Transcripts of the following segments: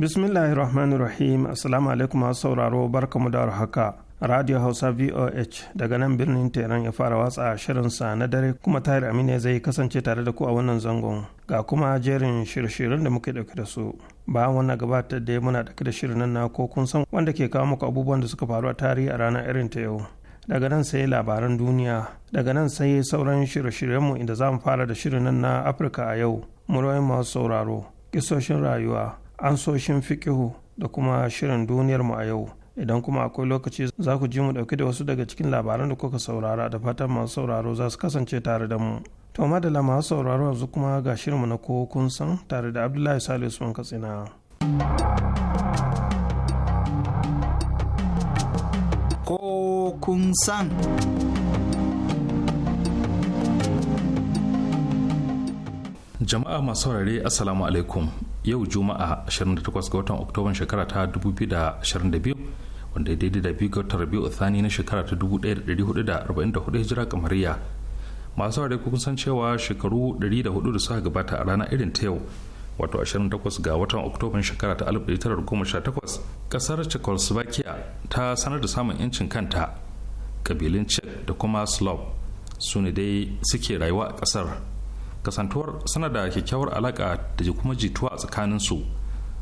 bismillahir rahmanir rahim assalamu alaikum masu sauraro barkamu da haka radio hausa voh daga nan birnin teran ya fara watsa shirinsa na dare kuma tahir amina zai kasance tare da ku a wannan zangon ga kuma jerin shirye da muke dauke da su ba wannan gabatar da ya muna dauke da shirin nan na ko kun san wanda ke kawo muku abubuwan da suka faru a tarihi a ranar irin ta yau daga nan sai labaran duniya daga nan sai sauran shirye mu inda zamu fara da shirin nan na afirka a yau muryoyin masu sauraro kisoshin rayuwa an ansoshin fikihu da kuma shirin duniyar mu a yau idan kuma akwai lokaci za ku ji mu dauke da wasu daga cikin labaran da kuka saurara da fatan masu sauraro za su kasance tare da mu to madalla masu sauraro yanzu kuma ga shirinmu na ko kun san tare da abdullahi salisu usman katsina ko kun san jama'a masu saurare assalamu alaikum yau juma'a 28 ga watan oktoban shekara ta 2022 wanda daidai da biyu ga watan rabiu thani na shekara ta 1444 hijira kamariya masu ware kun san cewa shekaru 104 da suka gabata a rana irin ta yau wato 28 ga watan oktoban shekara ta 1918 kasar czechoslovakia ta sanar da samun yancin kanta kabilun czech da kuma slav su ne dai suke rayuwa a kasar kasantuwar suna da kyakkyawar alaƙa da kuma jituwa a su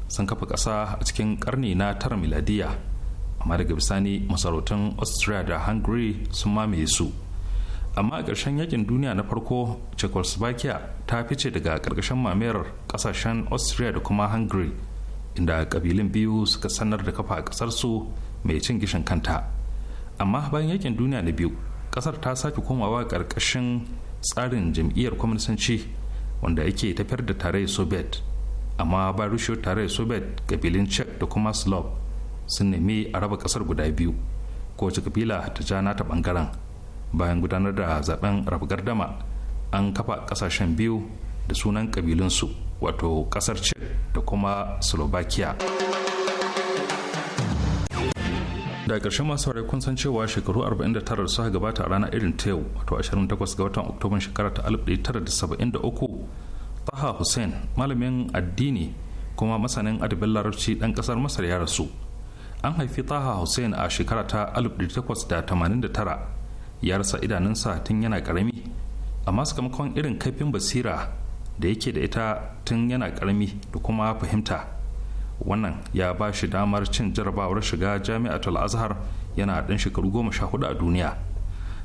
sun kafa ƙasa a cikin ƙarni na tara miladiya amma daga bisani masarautan austria da hungary sun mamaye su amma a ƙarshen yakin duniya na farko czechoslovakia ta fice daga ƙarƙashin mamayar ƙasashen austria da kuma hungary inda ƙabilun biyu suka sanar da kafa a su mai cin gishin kanta amma bayan yakin duniya na biyu ƙasar ta sake komawa ƙarƙashin tsarin jam'iyyar kwamnisanci wanda yake tafiyar da tarayyar soviet amma ba rushewar tarayyar soviet kabilin czech da kuma slav sun nemi a raba kasar guda biyu ko kowace kabila ta ja nata bangaren bayan gudanar da zaben raba gardama an kafa kasashen biyu da sunan ƙabilunsu wato kasar czech da kuma slovakia da ƙarshen masu saurari kun san cewa shekaru 49 suka gabata a ranar irin ta yau wato 28 ga watan oktoban shekara ta 1973 taha hussein malamin addini kuma masanin adabin larabci ɗan ƙasar masar ya rasu an haifi taha hussein a shekara ta 1889 ya rasa idanunsa tun yana ƙarami amma sakamakon irin kaifin basira da yake da ita tun yana ƙarami da kuma fahimta wannan ya ba shi damar cin jarabawar shiga jami'atul azhar yana ɗan shekaru goma sha hudu a duniya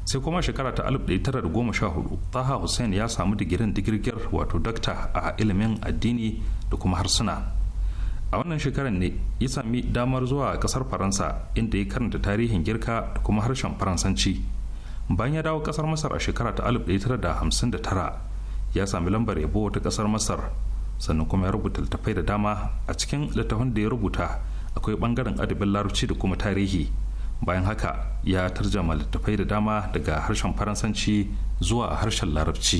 sai kuma shekara ta alif ɗaya tara da goma sha hudu taha hussein ya samu digirin digirgir wato dakta a ilimin addini da kuma harsuna a wannan shekarar ne ya sami damar zuwa kasar faransa inda ya karanta tarihin girka da kuma harshen faransanci bayan ya dawo kasar masar a shekara ta alif ɗaya tara da hamsin da tara ya sami lambar yabo ta kasar masar sannan kuma ya rubuta littattafai da dama a cikin littattafan da ya rubuta akwai bangaren adabin larabci da kuma tarihi bayan haka ya tarjama littattafai da dama daga harshen faransanci zuwa harshen larabci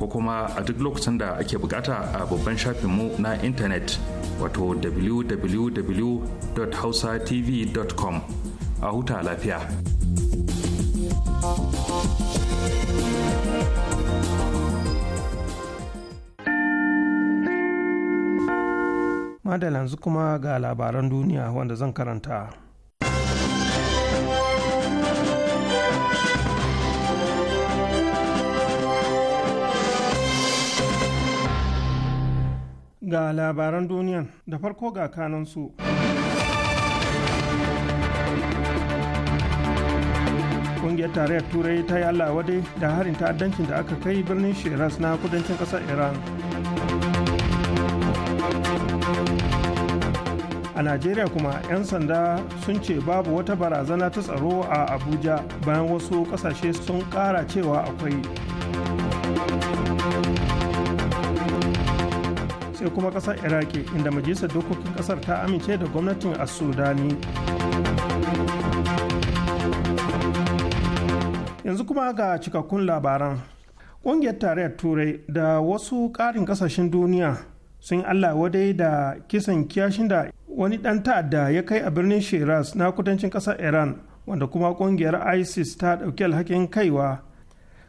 ko kuma a duk lokacin da ake bukata a babban shafinmu na intanet wato www.hausatv.com a huta lafiya. Madalanzu yanzu kuma ga labaran duniya wanda zan karanta. ga labaran duniyan da farko ga kanansu. Ƙungiyar tarayyar Turai ta yi Allah wadai da harin ta'addancin da aka kai birnin Shiraz na kudancin ƙasar Iran. A Najeriya kuma 'yan sanda sun ce babu wata barazana ta tsaro a Abuja bayan wasu ƙasashe sun ƙara cewa akwai. sai kuma kasar iraki inda majalisar dokokin kasar ta amince da gwamnatin a sudani yanzu kuma ga cikakkun labaran ƙungiyar tarayyar turai da wasu ƙarin ƙasashen duniya sun allah wadai da kisan kiyashin da wani ɗan ta'adda ya kai a birnin shiraz na kudancin ƙasar iran wanda kuma ƙungiyar isis ta ɗauki alhakin kaiwa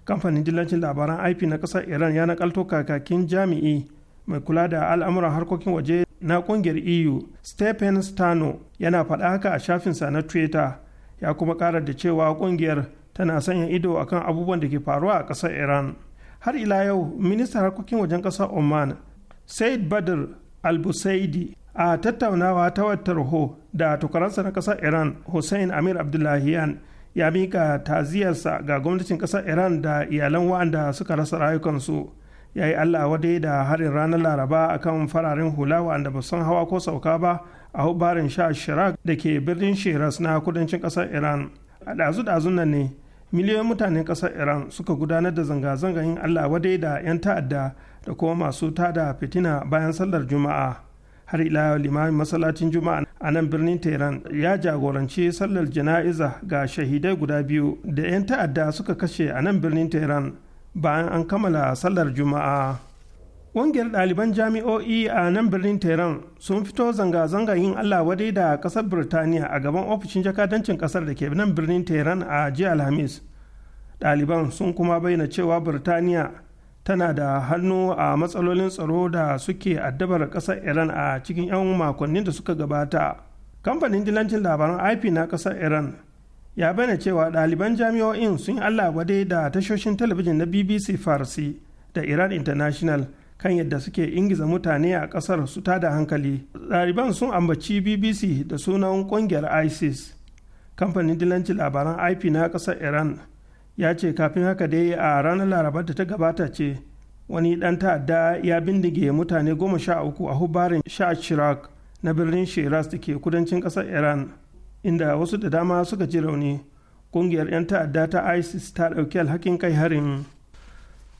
kamfanin dillancin labaran ip na ƙasar iran ya nakalto kakakin jami'i mai kula da al'amuran harkokin waje na kungiyar eu stephen stano yana faɗa haka a shafinsa na twitter ya kuma ƙara da cewa kungiyar tana sanya ido akan abubuwan da ke faruwa a ƙasar iran har ila yau ministan harkokin wajen ƙasar oman said badr al a tattaunawa ta watarho da tukaransa na ƙasar iran hussein amir abdullahiyan ya mika taziyarsa ga gwamnatin ƙasar iran da iyalan wa'anda suka rasa rayukansu ya yi allah wadai da harin ranar laraba akan fararen hula wa'anda ba san hawa ko sauka ba a hubarin sha shirak da ke birnin shiras na kudancin kasar iran a ɗazu dazu nan ne miliyoyin mutanen kasar iran suka gudanar da zanga zangayin yin allah wadai da 'yan ta'adda da kuma masu tada fitina bayan sallar juma'a har ila limamin masallacin juma'a a nan birnin tehran ya jagoranci sallar jana'iza ga shahidai guda biyu da 'yan ta'adda suka kashe a nan birnin tehran bayan an kammala sallar juma'a ƙungiyar ɗaliban jami'o'i a nan birnin tehran sun fito zanga-zanga yin allah wadai da ƙasar birtaniya a gaban ofishin jakadancin ƙasar da ke nan birnin tehran a jiya alhamis ɗaliban sun kuma bayyana cewa birtaniya tana da hannu a matsalolin tsaro da suke addabar ƙasar iran a cikin 'yan makonnin da suka gabata kamfanin dilancin labaran ip na ƙasar iran ya bayyana cewa ɗaliban jami'o'in sun yi allah gwade da tashoshin talabijin na bbc farsi da iran international kan yadda suke ingiza mutane a ƙasar su tada hankali ɗaliban sun ambaci bbc da sunan ƙungiyar isis kamfanin dilanci labaran ip na ƙasar iran ya ce kafin haka dai a ranar laraba da ta gabata ce wani ɗan ta'adda ya bindige mutane goma sha uku a hubarin sha na birnin shiraz da ke kudancin ƙasar iran inda wasu da dama suka ji rauni ƙungiyar 'yan ta'adda ta isis ta ɗauki alhakin kai harin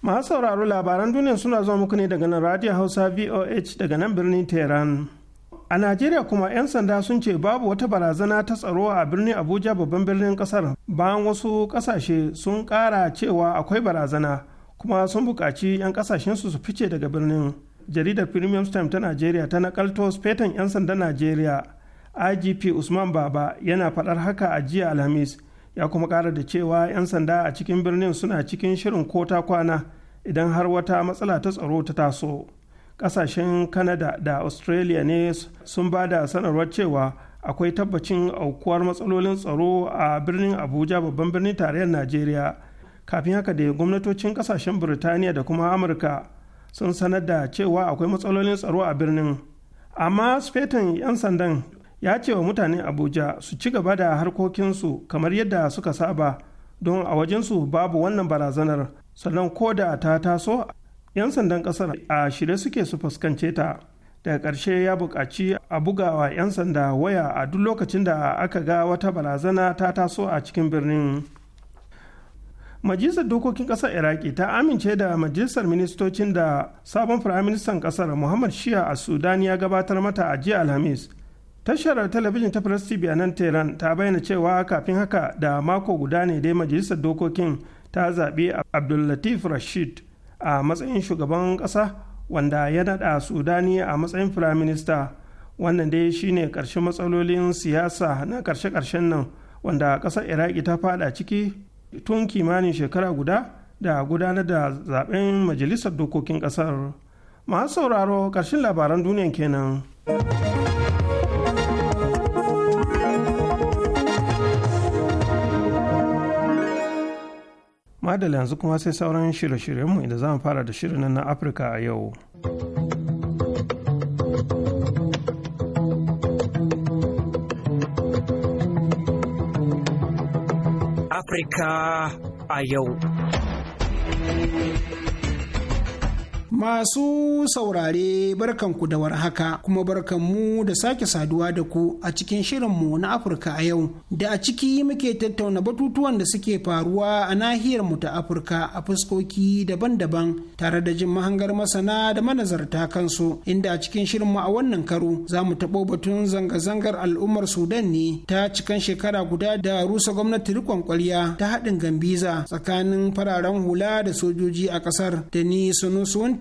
masu sauraro labaran duniya suna zuwa muku ne daga nan radio hausa voh daga nan birnin tehran a najeriya kuma 'yan sanda sun ce babu wata barazana ta tsaro a birnin abuja babban birnin kasar bayan wasu kasashe sun kara cewa akwai barazana kuma sun buƙaci 'yan kasashensu su fice daga birnin jaridar premium time ta najeriya ta nakalto fetan 'yan sandan najeriya igp usman baba yana faɗar haka a jiya alhamis ya kuma ƙara da cewa 'yan sanda a cikin birnin suna cikin shirin kota kwana idan har wata matsala ta tsaro ta taso ƙasashen canada da australia ne sun ba da sanarwar cewa akwai tabbacin aukuwar matsalolin tsaro a birnin abuja babban birnin tarayyar najeriya kafin haka da gwamnatocin ƙasashen birtaniya da kuma amurka sun sanar da cewa akwai matsalolin tsaro a birnin amma sufetin 'yan sandan ya ce wa mutane abuja su ci gaba da harkokinsu kamar yadda suka saba don a wajensu babu wannan barazanar sannan ko da ta taso 'yan sandan kasar a shirye suke su fuskance ta daga ƙarshe ya bukaci a bugawa 'yan sanda waya a duk lokacin da aka ga wata barazana ta taso a cikin birnin majalisar dokokin ƙasar iraki ta amince da majalisar ministocin da sabon firaministan ƙasar muhammad shia a sudan ya gabatar mata a jiya alhamis tashar talabijin ta press tv a nan tehran ta bayyana cewa kafin haka da mako guda ne dai majalisar dokokin ta zaɓi abdullatif rashid a matsayin shugaban ƙasa wanda ya naɗa sudani a matsayin firaminista wannan dai shine ƙarshen matsalolin siyasa na karshe-karshen nan wanda ƙasar iraki ta fada ciki tun kimanin shekara guda da gudanar da zaben majalisar dokokin ƙasar masu sauraro karshen labaran duniya kenan. madala yanzu kuma sai sauran shirye-shiryenmu inda za mu fara da shirin na afirka a yau afirka a yau Masu saurare barkanku da warhaka kuma barkanmu da sake saduwa da ku a cikin shirin mu na Afirka a yau da a ciki muke tattauna batutuwan da suke faruwa a nahiyar mu ta Afirka a fuskoki daban-daban tare da jin mahangar masana da manazarta kansu inda a cikin mu a wannan karo za mu taɓo batun zanga-zangar al'ummar Sudan ne ta cikan shekara guda da rusa gwamnati rikon kwarya ta haɗin gambiza tsakanin fararen hula da sojoji a ƙasar da ni sunusuwan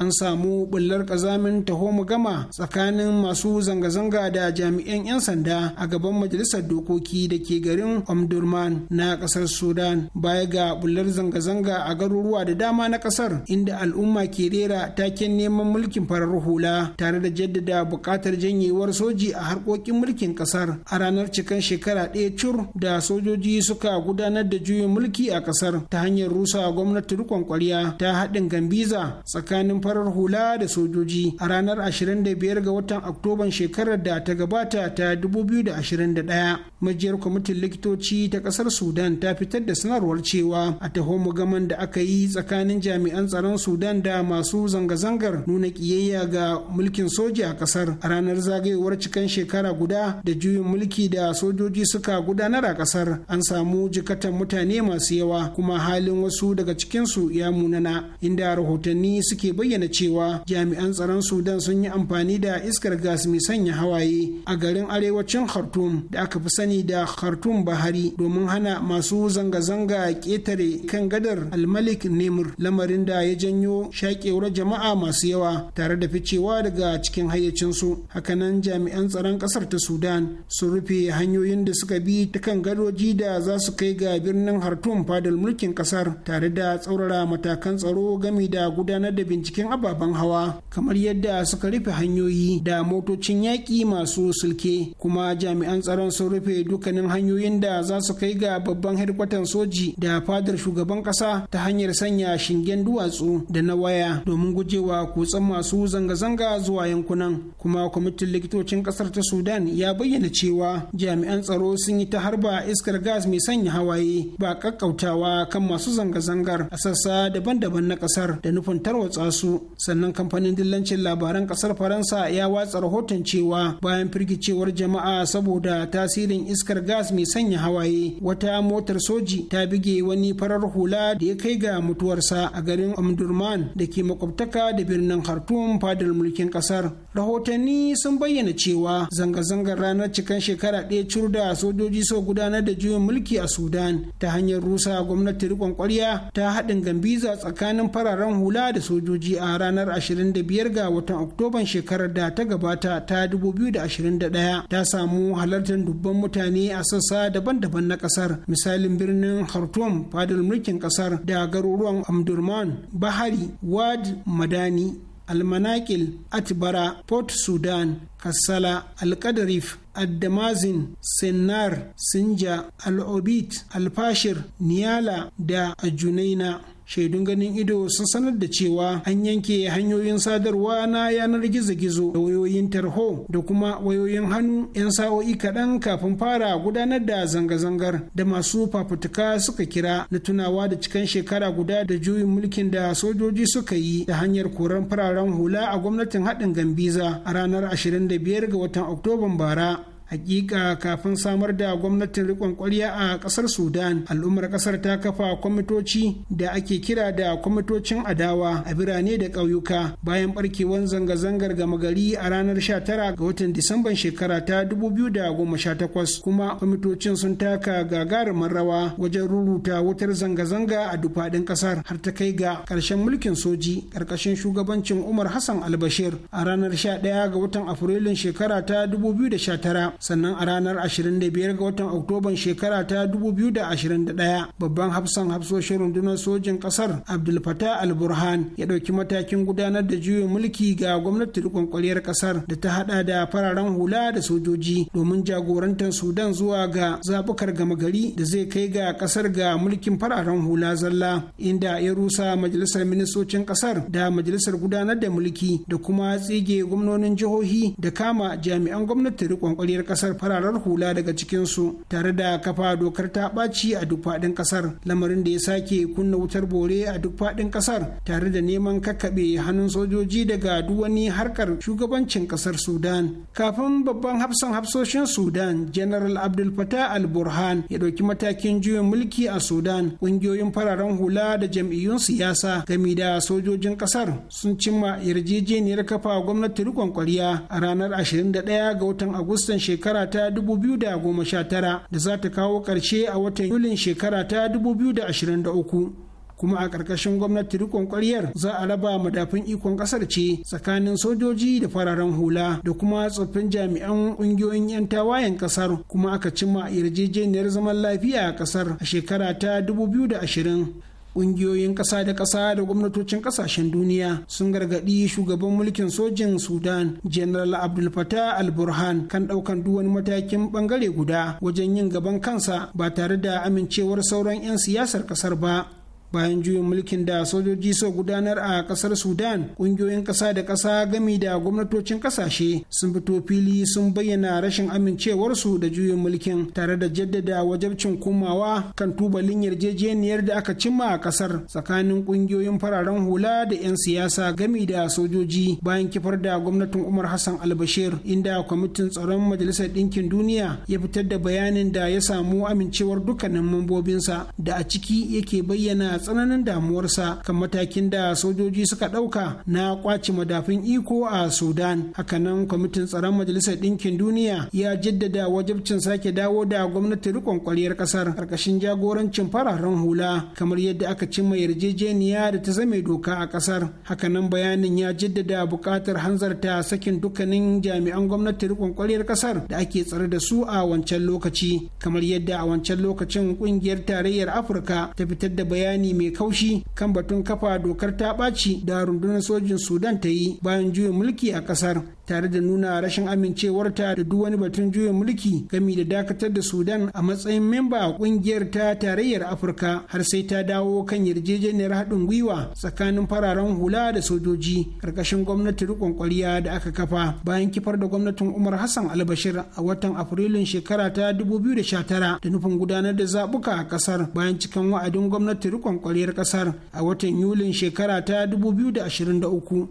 an samu bullar kazamin taho gama tsakanin masu zanga-zanga da jami'an 'yan sanda a gaban majalisar dokoki da ke garin omdurman na kasar sudan baya ga bullar zanga-zanga a garuruwa da dama na kasar inda al'umma ke rera taken neman mulkin farar hula tare da jaddada buƙatar janyewar soji a harkokin mulkin kasar a ranar cikan shekara ɗaya cur da sojoji suka gudanar da juyin mulki a kasar ta hanyar rusa gwamnati rikon kwarya ta haɗin gambiza tsakanin farar hula da sojoji a ranar 25 ga watan Oktoban shekarar da ta gabata ta 2021. Majiyar kwamitin likitoci ta kasar Sudan ta fitar da sanarwar cewa a taho mu gaman da aka yi tsakanin jami'an tsaron Sudan da masu zanga-zangar nuna kiyayya ga mulkin soja a kasar a ranar zagayowar cikan shekara guda da juyin mulki da sojoji suka gudanar a kasar an samu jikatan mutane masu yawa kuma halin wasu daga cikinsu ya munana inda rahotanni suke bayyana bayyana cewa jami'an tsaron sudan sun yi amfani da iskar gas mai sanya hawaye a garin arewacin khartoum da aka fi sani da khartoum bahari domin hana masu zanga-zanga ketare kan gadar almalik nemur lamarin da ya janyo shakewar jama'a masu yawa tare da ficewa daga cikin hayyacinsu hakanan jami'an tsaron ƙasar ta sudan sun rufe hanyoyin da suka bi ta kan gadoji da za su kai ga birnin hartum fadal mulkin ƙasar tare da tsaurara matakan tsaro game da gudanar da binciken ababen hawa kamar yadda suka rufe hanyoyi da motocin yaƙi masu sulke kuma jami'an tsaron sun rufe dukkanin hanyoyin da za su kai ga babban hedkwatan soji da fadar shugaban ƙasa ta hanyar sanya shingen duwatsu da na waya domin gujewa kutsan masu zanga-zanga zuwa yankunan kuma kwamitin likitocin ƙasar ta sudan ya bayyana cewa jami'an tsaro sun yi ta harba iskar gas mai sanya hawaye ba kakkautawa kan masu zanga-zangar a sassa daban-daban na ƙasar da nufin tarwatsa su sannan kamfanin dillancin labaran kasar faransa ya watsa rahoton cewa bayan firgicewar jama'a saboda tasirin iskar gas mai sanya hawaye wata motar soji ta bige wani farar hula da ya kai ga mutuwarsa a garin omdurman da ke makwabtaka da birnin khartoum fadar mulkin kasar rahotanni sun bayyana cewa zanga-zangar ranar cikan shekara ɗaya curda sojoji sau gudanar da juyin mulki a sudan ta hanyar rusa gwamnati rikon kwarya ta haɗin gambiza tsakanin fararen hula da sojoji a a ranar 25 ga watan Oktoban shekarar da ta gabata ta 2021 ta samu halartar dubban mutane a sassa daban-daban na kasar misalin birnin Khartoum fadar mulkin kasar da garuruwan Amdurman, Bahari, Wad Madani, almanakil atbara port sudan kassala alkadarif addamazin sinar sinja al'obit alfashir niyala da ajunaina shaidun ganin ido sun sanar da cewa an yanke hanyoyin sadarwa na yanar gizo-gizo da wayoyin tarho da kuma wayoyin hannu 'yan sa'o'i kaɗan kafin fara gudanar da zanga-zangar da masu fafutuka suka kira na tunawa da cikan shekara guda da juyin mulkin da sojoji suka yi da hanyar koran fararen hula a gwamnatin haɗin gambiza a ranar 25 ga watan oktoban bara hakika kafin samar da gwamnatin rikon kwarya a kasar sudan al'ummar kasar ta kafa kwamitoci da ake kira da kwamitocin adawa a birane da ƙauyuka bayan barkewar zanga-zangar gama gari a ranar 19 ga watan disamban shekara ta 2018 kuma kwamitocin sun taka gagarumin rawa wajen ruruta wutar zanga-zanga a dufaɗin kasar har ta kai ga ƙarshen mulkin soji ƙarƙashin shugabancin umar hassan albashir a ranar 11 ga watan afrilun shekara ta 2019 sannan a ranar 25 ga watan oktoban shekara ta 2021 babban hafsan hafsoshin rundunar sojin kasar abdul fatah al burhan ya ɗauki matakin gudanar da juyin mulki ga gwamnati rikon kwaliyar kasar da ta hada da fararen hula da sojoji domin jagorantar sudan zuwa ga zabukar gama gari da zai kai ga kasar ga mulkin fararen hula zalla inda ya rusa majalisar ministocin kasar da majalisar gudanar da mulki da kuma tsige gwamnonin jihohi da kama jami'an gwamnati rikon kwaliyar kasar fararar hula daga cikinsu tare da kafa dokar ta ɓaci a duk faɗin kasar lamarin da ya sake kunna wutar bore a duk faɗin kasar tare da neman kakkaɓe hannun sojoji daga duk wani harkar shugabancin kasar sudan kafin babban hafsan hafsoshin sudan general abdul fatah al burhan ya ɗauki matakin juyin mulki a sudan ƙungiyoyin fararen hula da jam'iyyun siyasa gami da sojojin kasar sun cimma yarjejeniyar kafa gwamnati rikon kwarya a ranar 21 ga watan agustan shekaru shekara ta 2019 da za ta kawo ƙarshe a watan Yulin shekara ta 2023. kuma a ƙarƙashin gwamnati rikon ƙwaryar za a raba madafin ikon ƙasar ce tsakanin sojoji da fararen hula da kuma tsoffin jami'an ƙungiyoyin 'yan tawayen ƙasar kuma aka cimma yarjejeniyar zaman lafiya a ƙasar a shekara ta 2020 Ƙungiyoyin ƙasa da ƙasa da gwamnatocin ƙasashen duniya sun gargaɗi shugaban mulkin sojin Sudan, General Abdul Fattah al-Burhan kan ɗaukan duk matakin ɓangare guda wajen yin gaban kansa ba tare da amincewar sauran 'yan siyasar ƙasar ba. bayan juyin mulkin da sojoji so gudanar a kasar sudan kungiyoyin kasa da kasa gami da gwamnatocin kasashe sun fito fili sun bayyana rashin amincewarsu da juyin mulkin tare da jaddada wajabcin komawa kan tubalin yarjejeniyar da aka cimma a kasar tsakanin kungiyoyin fararen hula da 'yan siyasa gami da sojoji bayan kifar da gwamnatin umar hassan albashir inda kwamitin tsaron majalisar ɗinkin duniya ya fitar da bayanin da ya samu amincewar dukkanin mambobinsa da a ciki yake bayyana tsananin damuwarsa kan matakin da sojoji suka ɗauka na kwace madafin iko a sudan hakanan kwamitin tsaron majalisar ɗinkin duniya ya jaddada wajibcin sake dawo da gwamnati riƙon ƙwaryar ƙasar ƙarƙashin jagorancin fararen hula kamar yadda aka cimma yarjejeniya da ta zame doka a ƙasar hakanan bayanin ya jaddada buƙatar hanzarta sakin dukkanin jami'an gwamnati riƙon ƙwaryar ƙasar da ake tsare da su a wancan lokaci kamar yadda a wancan lokacin ƙungiyar tarayyar afirka ta fitar da bayani bayani mai kaushi kan batun kafa dokar ta ɓaci da rundunar sojin sudan ta yi bayan juyin mulki a ƙasar tare da nuna rashin amincewarta da duk wani batun juyin mulki gami da dakatar da sudan a matsayin memba a kungiyar ta tarayyar afirka har sai ta dawo kan yarjejeniyar haɗin gwiwa tsakanin fararen hula da sojoji ƙarƙashin gwamnati riƙon ƙwarya da aka kafa bayan kifar da gwamnatin umar hassan albashir a watan afrilun shekara ta 2019 da nufin gudanar da zabuka a ƙasar bayan cikan wa'adin gwamnati riƙon ƙwaryar ƙasar a watan yulin shekara ta 2023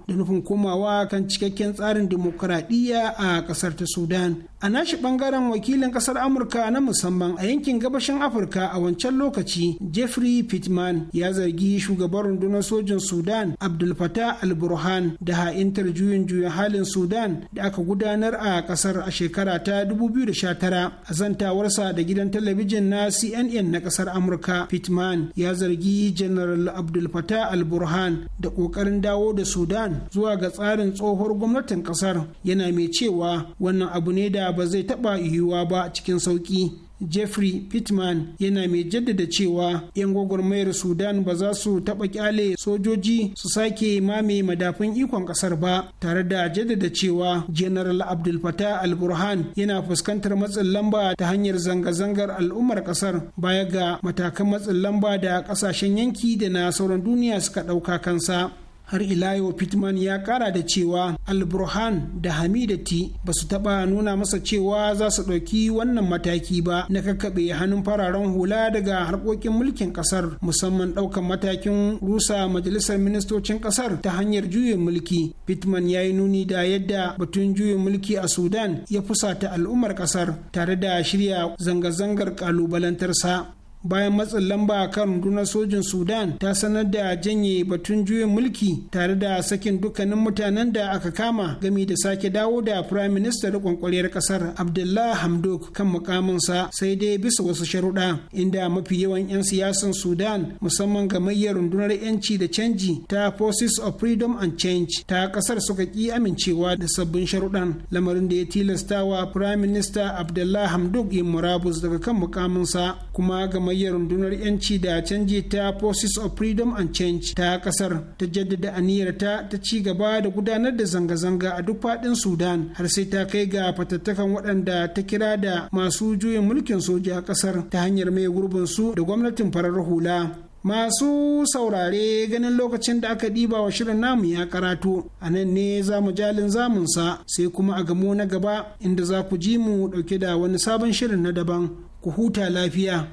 da nufin komawa kan cikakken tsarin dimo demokuraɗiyya a ƙasar ta sudan a nashi ɓangaren wakilin ƙasar amurka na musamman a yankin gabashin afirka a wancan lokaci jeffrey pittman ya zargi shugaban rundunar sojin sudan abdul fatah al-burhan da ha'intar juyin juyin halin sudan da aka gudanar a ƙasar a shekara ta 2019 a zantawarsa da gidan talabijin na cnn na ƙasar amurka pittman ya zargi general abdul fatah al-burhan da ƙoƙarin dawo da sudan zuwa ga tsarin tsohuwar gwamnatin ƙasar yana mai cewa wannan abu ne da ba zai taba yiwuwa ba cikin sauƙi Jeffrey Pittman yana mai jaddada cewa 'yan gwagwarmayar Sudan ba za su taɓa kyale sojoji su sake mame madafun ikon ƙasar ba, tare da jaddada cewa General Abdul Fattah al-Burhan yana fuskantar matsin lamba ta hanyar zanga-zangar al'ummar ƙasar baya ga matakan matsin lamba da ƙasashen yanki da na sauran duniya suka ɗauka kansa. har ila yau pittman ya kara da cewa alburhan da hamidati ba su taba nuna masa cewa za su ɗauki wannan mataki ba na kakkaɓe hannun fararen hula daga harkokin mulkin kasar musamman ɗaukan matakin rusa majalisar ministocin kasar ta hanyar juyin mulki pittman ya yi nuni da yadda batun juyin mulki a sudan ya fusata al'ummar kasar tare da shirya zanga-zangar kalubalantarsa. bayan matsin lamba kan rundunar sojin sudan ta sanar da janye batun juyin mulki tare da sakin dukkanin mutanen da aka kama gami da sake dawo da prime minister da kwankwariyar kasar abdullah hamdok kan mukaminsa sai dai bisa wasu sharuɗa inda mafi yawan 'yan siyasan sudan musamman gamayyar rundunar 'yanci da canji ta forces of freedom and change ta kasar suka ki amincewa da sabbin sharuɗan lamarin da ya tilasta wa prime minister abdullah hamdok yin murabus daga kan mukaminsa kuma ga gamayyar rundunar yanci da canji ta forces of freedom and change ta kasar ta jaddada aniyarta ta ci gaba da gudanar da zanga-zanga a duk faɗin sudan har sai ta kai ga fatattakan waɗanda ta kira da masu juyin mulkin soja a kasar ta hanyar mai gurbin su da gwamnatin farar hula masu saurare ganin lokacin da aka ɗiba wa shirin namu ya karatu a nan ne za mu jalin zamunsa sai kuma a gamo na gaba inda za ku ji mu ɗauke da wani sabon shirin na daban ku huta lafiya.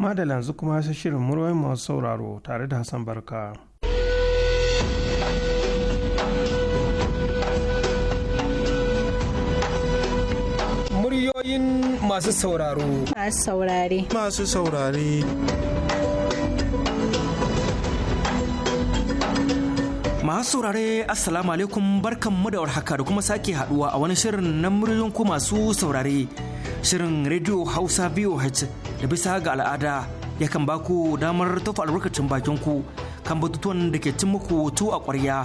madala yanzu kuma sai shirin murwai masu sauraro tare da hassan barka muryoyin masu sauraro masu saurare masu saurare masu saurare assalamu alaikum barkanmu da warhaka da kuma sake haduwa a wani shirin na muryoyin ku masu saurare shirin radio hausa voh da bisa ga al'ada ya kan ba ku damar tofa albarkacin bakin ku kan batutuwan da ke cin muku tu a ƙwarya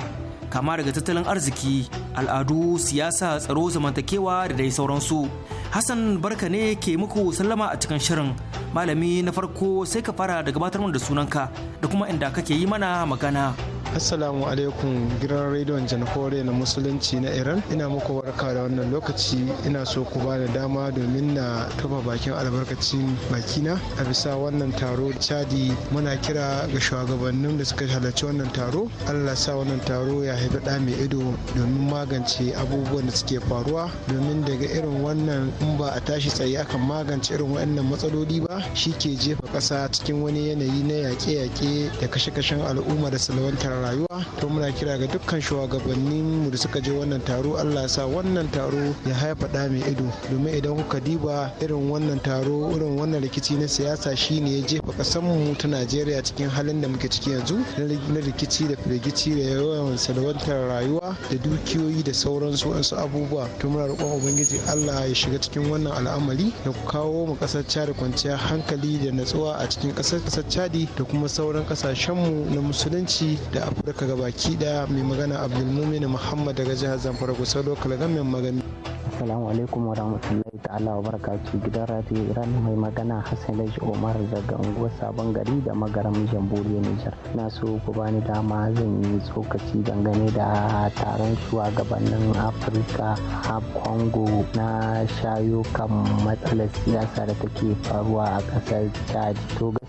kama daga tattalin arziki al'adu siyasa tsaro zamantakewa da dai sauransu hassan barka ne ke muku sallama a cikin shirin malami na farko sai ka fara da gabatar da sunanka da kuma inda kake yi mana magana. assalamu alaikum gidan rediyon janakore na musulunci na iran ina muku warka da wannan lokaci ina so ku ba da dama domin na tafa bakin albarkacin bakina a bisa wannan taro chadi muna kira ga shugabannin da suka halarci wannan taro allah sa wannan taro ya haifi da mai ido domin magance abubuwan da suke faruwa domin daga irin wannan in ba a tashi tsaye akan magance irin wannan matsaloli ba shi ke jefa ƙasa cikin wani yanayi na yaƙe-yaƙe da kashe-kashen al'umma da salawantar rayuwa to muna kira ga dukkan shugabannin mu da suka je wannan taro Allah sa wannan taro ya haifa da mai ido domin idan kuka diba irin wannan taro irin wannan rikici na siyasa shine ya jefa kasar mu ta Najeriya cikin halin da muke ciki yanzu na rikici da firgici da yawan salwantar rayuwa da dukiyoyi da sauransu su abubuwa to muna roƙon ubangiji Allah ya shiga cikin wannan al'amari ku kawo mu kasar Chad kwanciyar hankali da natsuwa a cikin kasar kasar Chad da kuma sauran kasashen mu na musulunci da daga gabaki daya mai magana abdulmumin muhammad daga jihar zamfara kusa lokal gamin magani Assalamu alaikum wa rahmatullahi ta'ala wa barakatuh gidan radio Iran mai magana Hassan Laji Omar daga unguwar Sabon Gari da magaram Jamhuriyar Nijar. Na so ku bani dama zan yi tsokaci dangane da taron shugabannin Afirka a kongo na shayo kan matsalar siyasa da take faruwa a kasar Chad.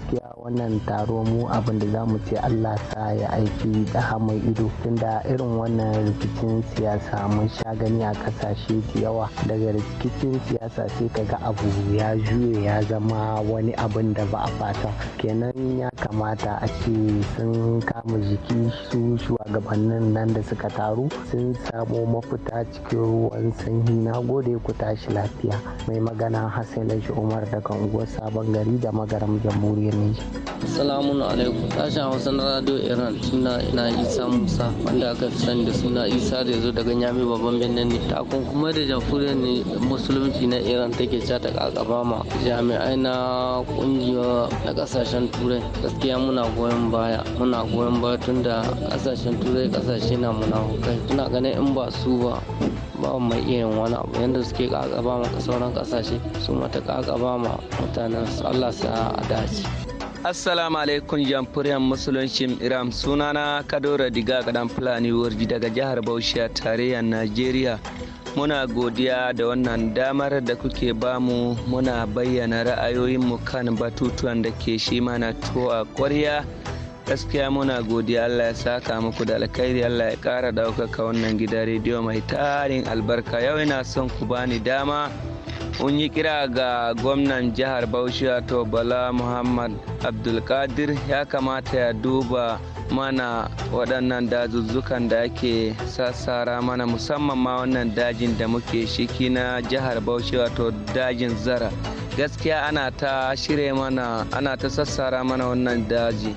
gaskiya wannan taro mu abin da mu ce Allah sa ya aiki da mai ido tunda irin wannan rikicin siyasa mun sha gani a kasashe da yawa daga rikicin siyasa sai kaga abu ya juye ya zama wani abin da ba a fata kenan ya kamata a ce sun kama jiki su shugabannin nan da suka taru sun samo mafita cikin ruwan sanyi na gode ku tashi lafiya mai magana hassan umar daga unguwar sabon gari da magaram jamhuriyar musulmi alaikum sashen Hausa na Radio Iran suna ina Isa Musa wanda aka fi sani da suna Isa da yazo daga Nyame babban birnin ne takun kuma da jamhuriyar ne musulunci na Iran take ca ta kakaba ma jami'ai na kungiya na kasashen turai gaskiya muna goyon baya muna goyon baya tunda kasashen turai kasashe na munafukai tuna ganin in ba su ba ba mai irin wani abu yadda suke kakaba ma sauran kasashe su mata kakaba ma mutanen su allah sa a dace Assalamu alaikum jamfuriyar musulunci Iram sunana Kadora Diga kadan Fulani Warji daga jihar Bauchi a tarayyar Najeriya. Muna godiya da wannan damar da kuke bamu muna bayyana ra'ayoyinmu kan batutuwan da ke shi mana tuwa kwarya gaskiya muna godiya Allah ya saka muku da alkhairi Allah ya kara daukaka wannan gida rediyo mai tarin albarka yau ina son ku bani dama kun yi kira ga gwamnan jihar Bauchi to Bala Muhammad Abdulkadir ya kamata ya duba mana waɗannan dazuzzukan da ake sassara mana musamman ma wannan dajin da muke shiki na jihar Bauchi to dajin Zara gaskiya ana ta shirye mana ana ta sassara mana wannan daji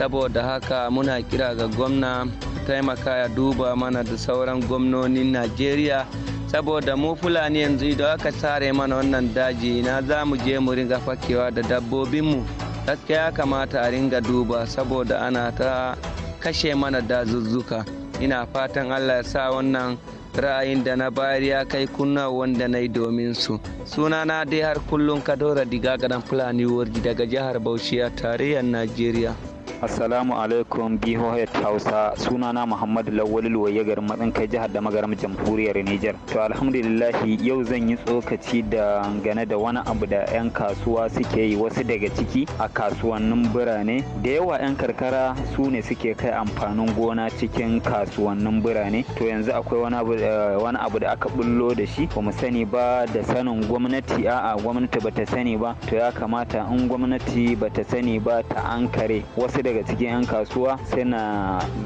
saboda haka muna kira ga gwamna taimaka ya duba mana da sauran gwamnonin najeriya saboda mu fulani yanzu da aka sare mana wannan daji na za mu je mu ringa fakewa da dabbobinmu gaskiya kamata a ringa duba saboda ana ta kashe mana dazuzzuka ina fatan allah ya sa wannan ra'ayin da na bayar ya kai kunna wanda na yi domin su Suna na dai har kullum kadora diga gadan fulani daga jihar bauchi a tarayyar najeriya Assalamu alaikum BOH Hausa sunana Muhammad Lawal Luwaye garin matsin kai jihar da magaram jamhuriyar Niger To alhamdulillah yau zan yi tsokaci da gane da wani abu da 'yan kasuwa suke yi wasu daga ciki a kasuwannin birane. Da yawa 'yan karkara su ne suke kai amfanin gona cikin kasuwannin birane. To yanzu akwai eh, wani abu da aka bullo da shi ba mu sani ba da sanin gwamnati a'a gwamnati bata sani ba to ya kamata in gwamnati bata sani ba ta ankare wasu daga cikin 'yan kasuwa suna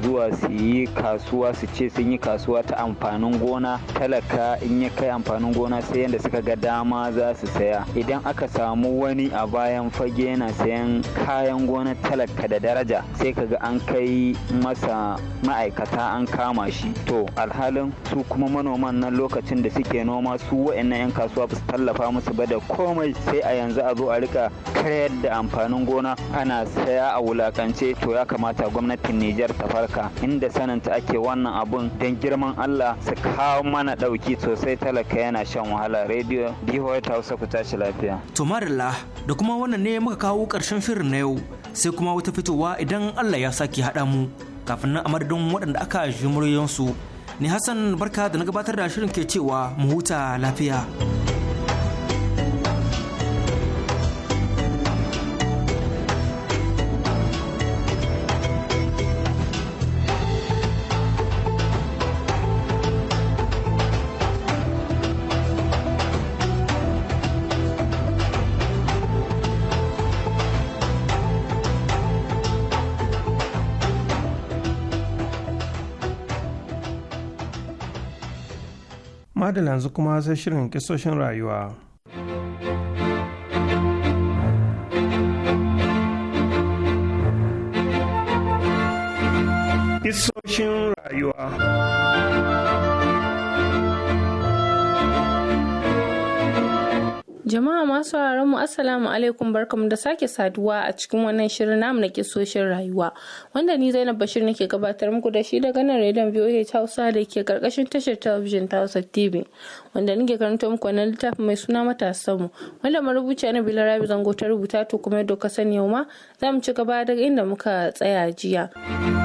zuwa su yi kasuwa su ce sun yi kasuwa ta amfanin gona talaka in ya kai amfanin gona sai yadda suka ga dama za su saya idan aka samu wani a bayan fage yana sayan kayan gona talaka da daraja sai ka ga an kai masa ma'aikata an kama shi to alhalin su kuma manoman nan lokacin da suke noma su wa'annan 'yan kasuwa ba su tallafa musu ba da komai sai a yanzu a zo a rika kayar da amfanin gona ana saya a wulakan ce to ya kamata gwamnatin Nijar ta farka inda sananta ake wannan abun don girman Allah su kawo mana ɗauki sosai talaka yana shan wahala rediyo biyu ta hausa ku tashi lafiya. To da kuma wannan ne muka kawo ƙarshen shirin na yau sai kuma wata fitowa idan Allah ya sake haɗa mu kafin nan a madadin waɗanda aka ji muryoyinsu. Ni Hassan barka da na gabatar da shirin ke cewa mu huta lafiya. amma yanzu kuma sai shirin kisoshin rayuwa Kisoshin rayuwa Jama'a masu mu Assalamu alaikum barkamu da sake saduwa a cikin wannan shirin namu na kisoshin rayuwa wanda ni Zainab Bashir nake gabatar muku da shi daga nan rediyon VOH Hausa da ke karkashin tashar talabijin ta Hausa TV wanda nake karanta muku wannan littafi mai suna matasan mu wanda marubuciya na Bilal Rabi Zango ta rubuta to kuma yadda ka sani yau ma za mu ci gaba daga inda muka tsaya jiya.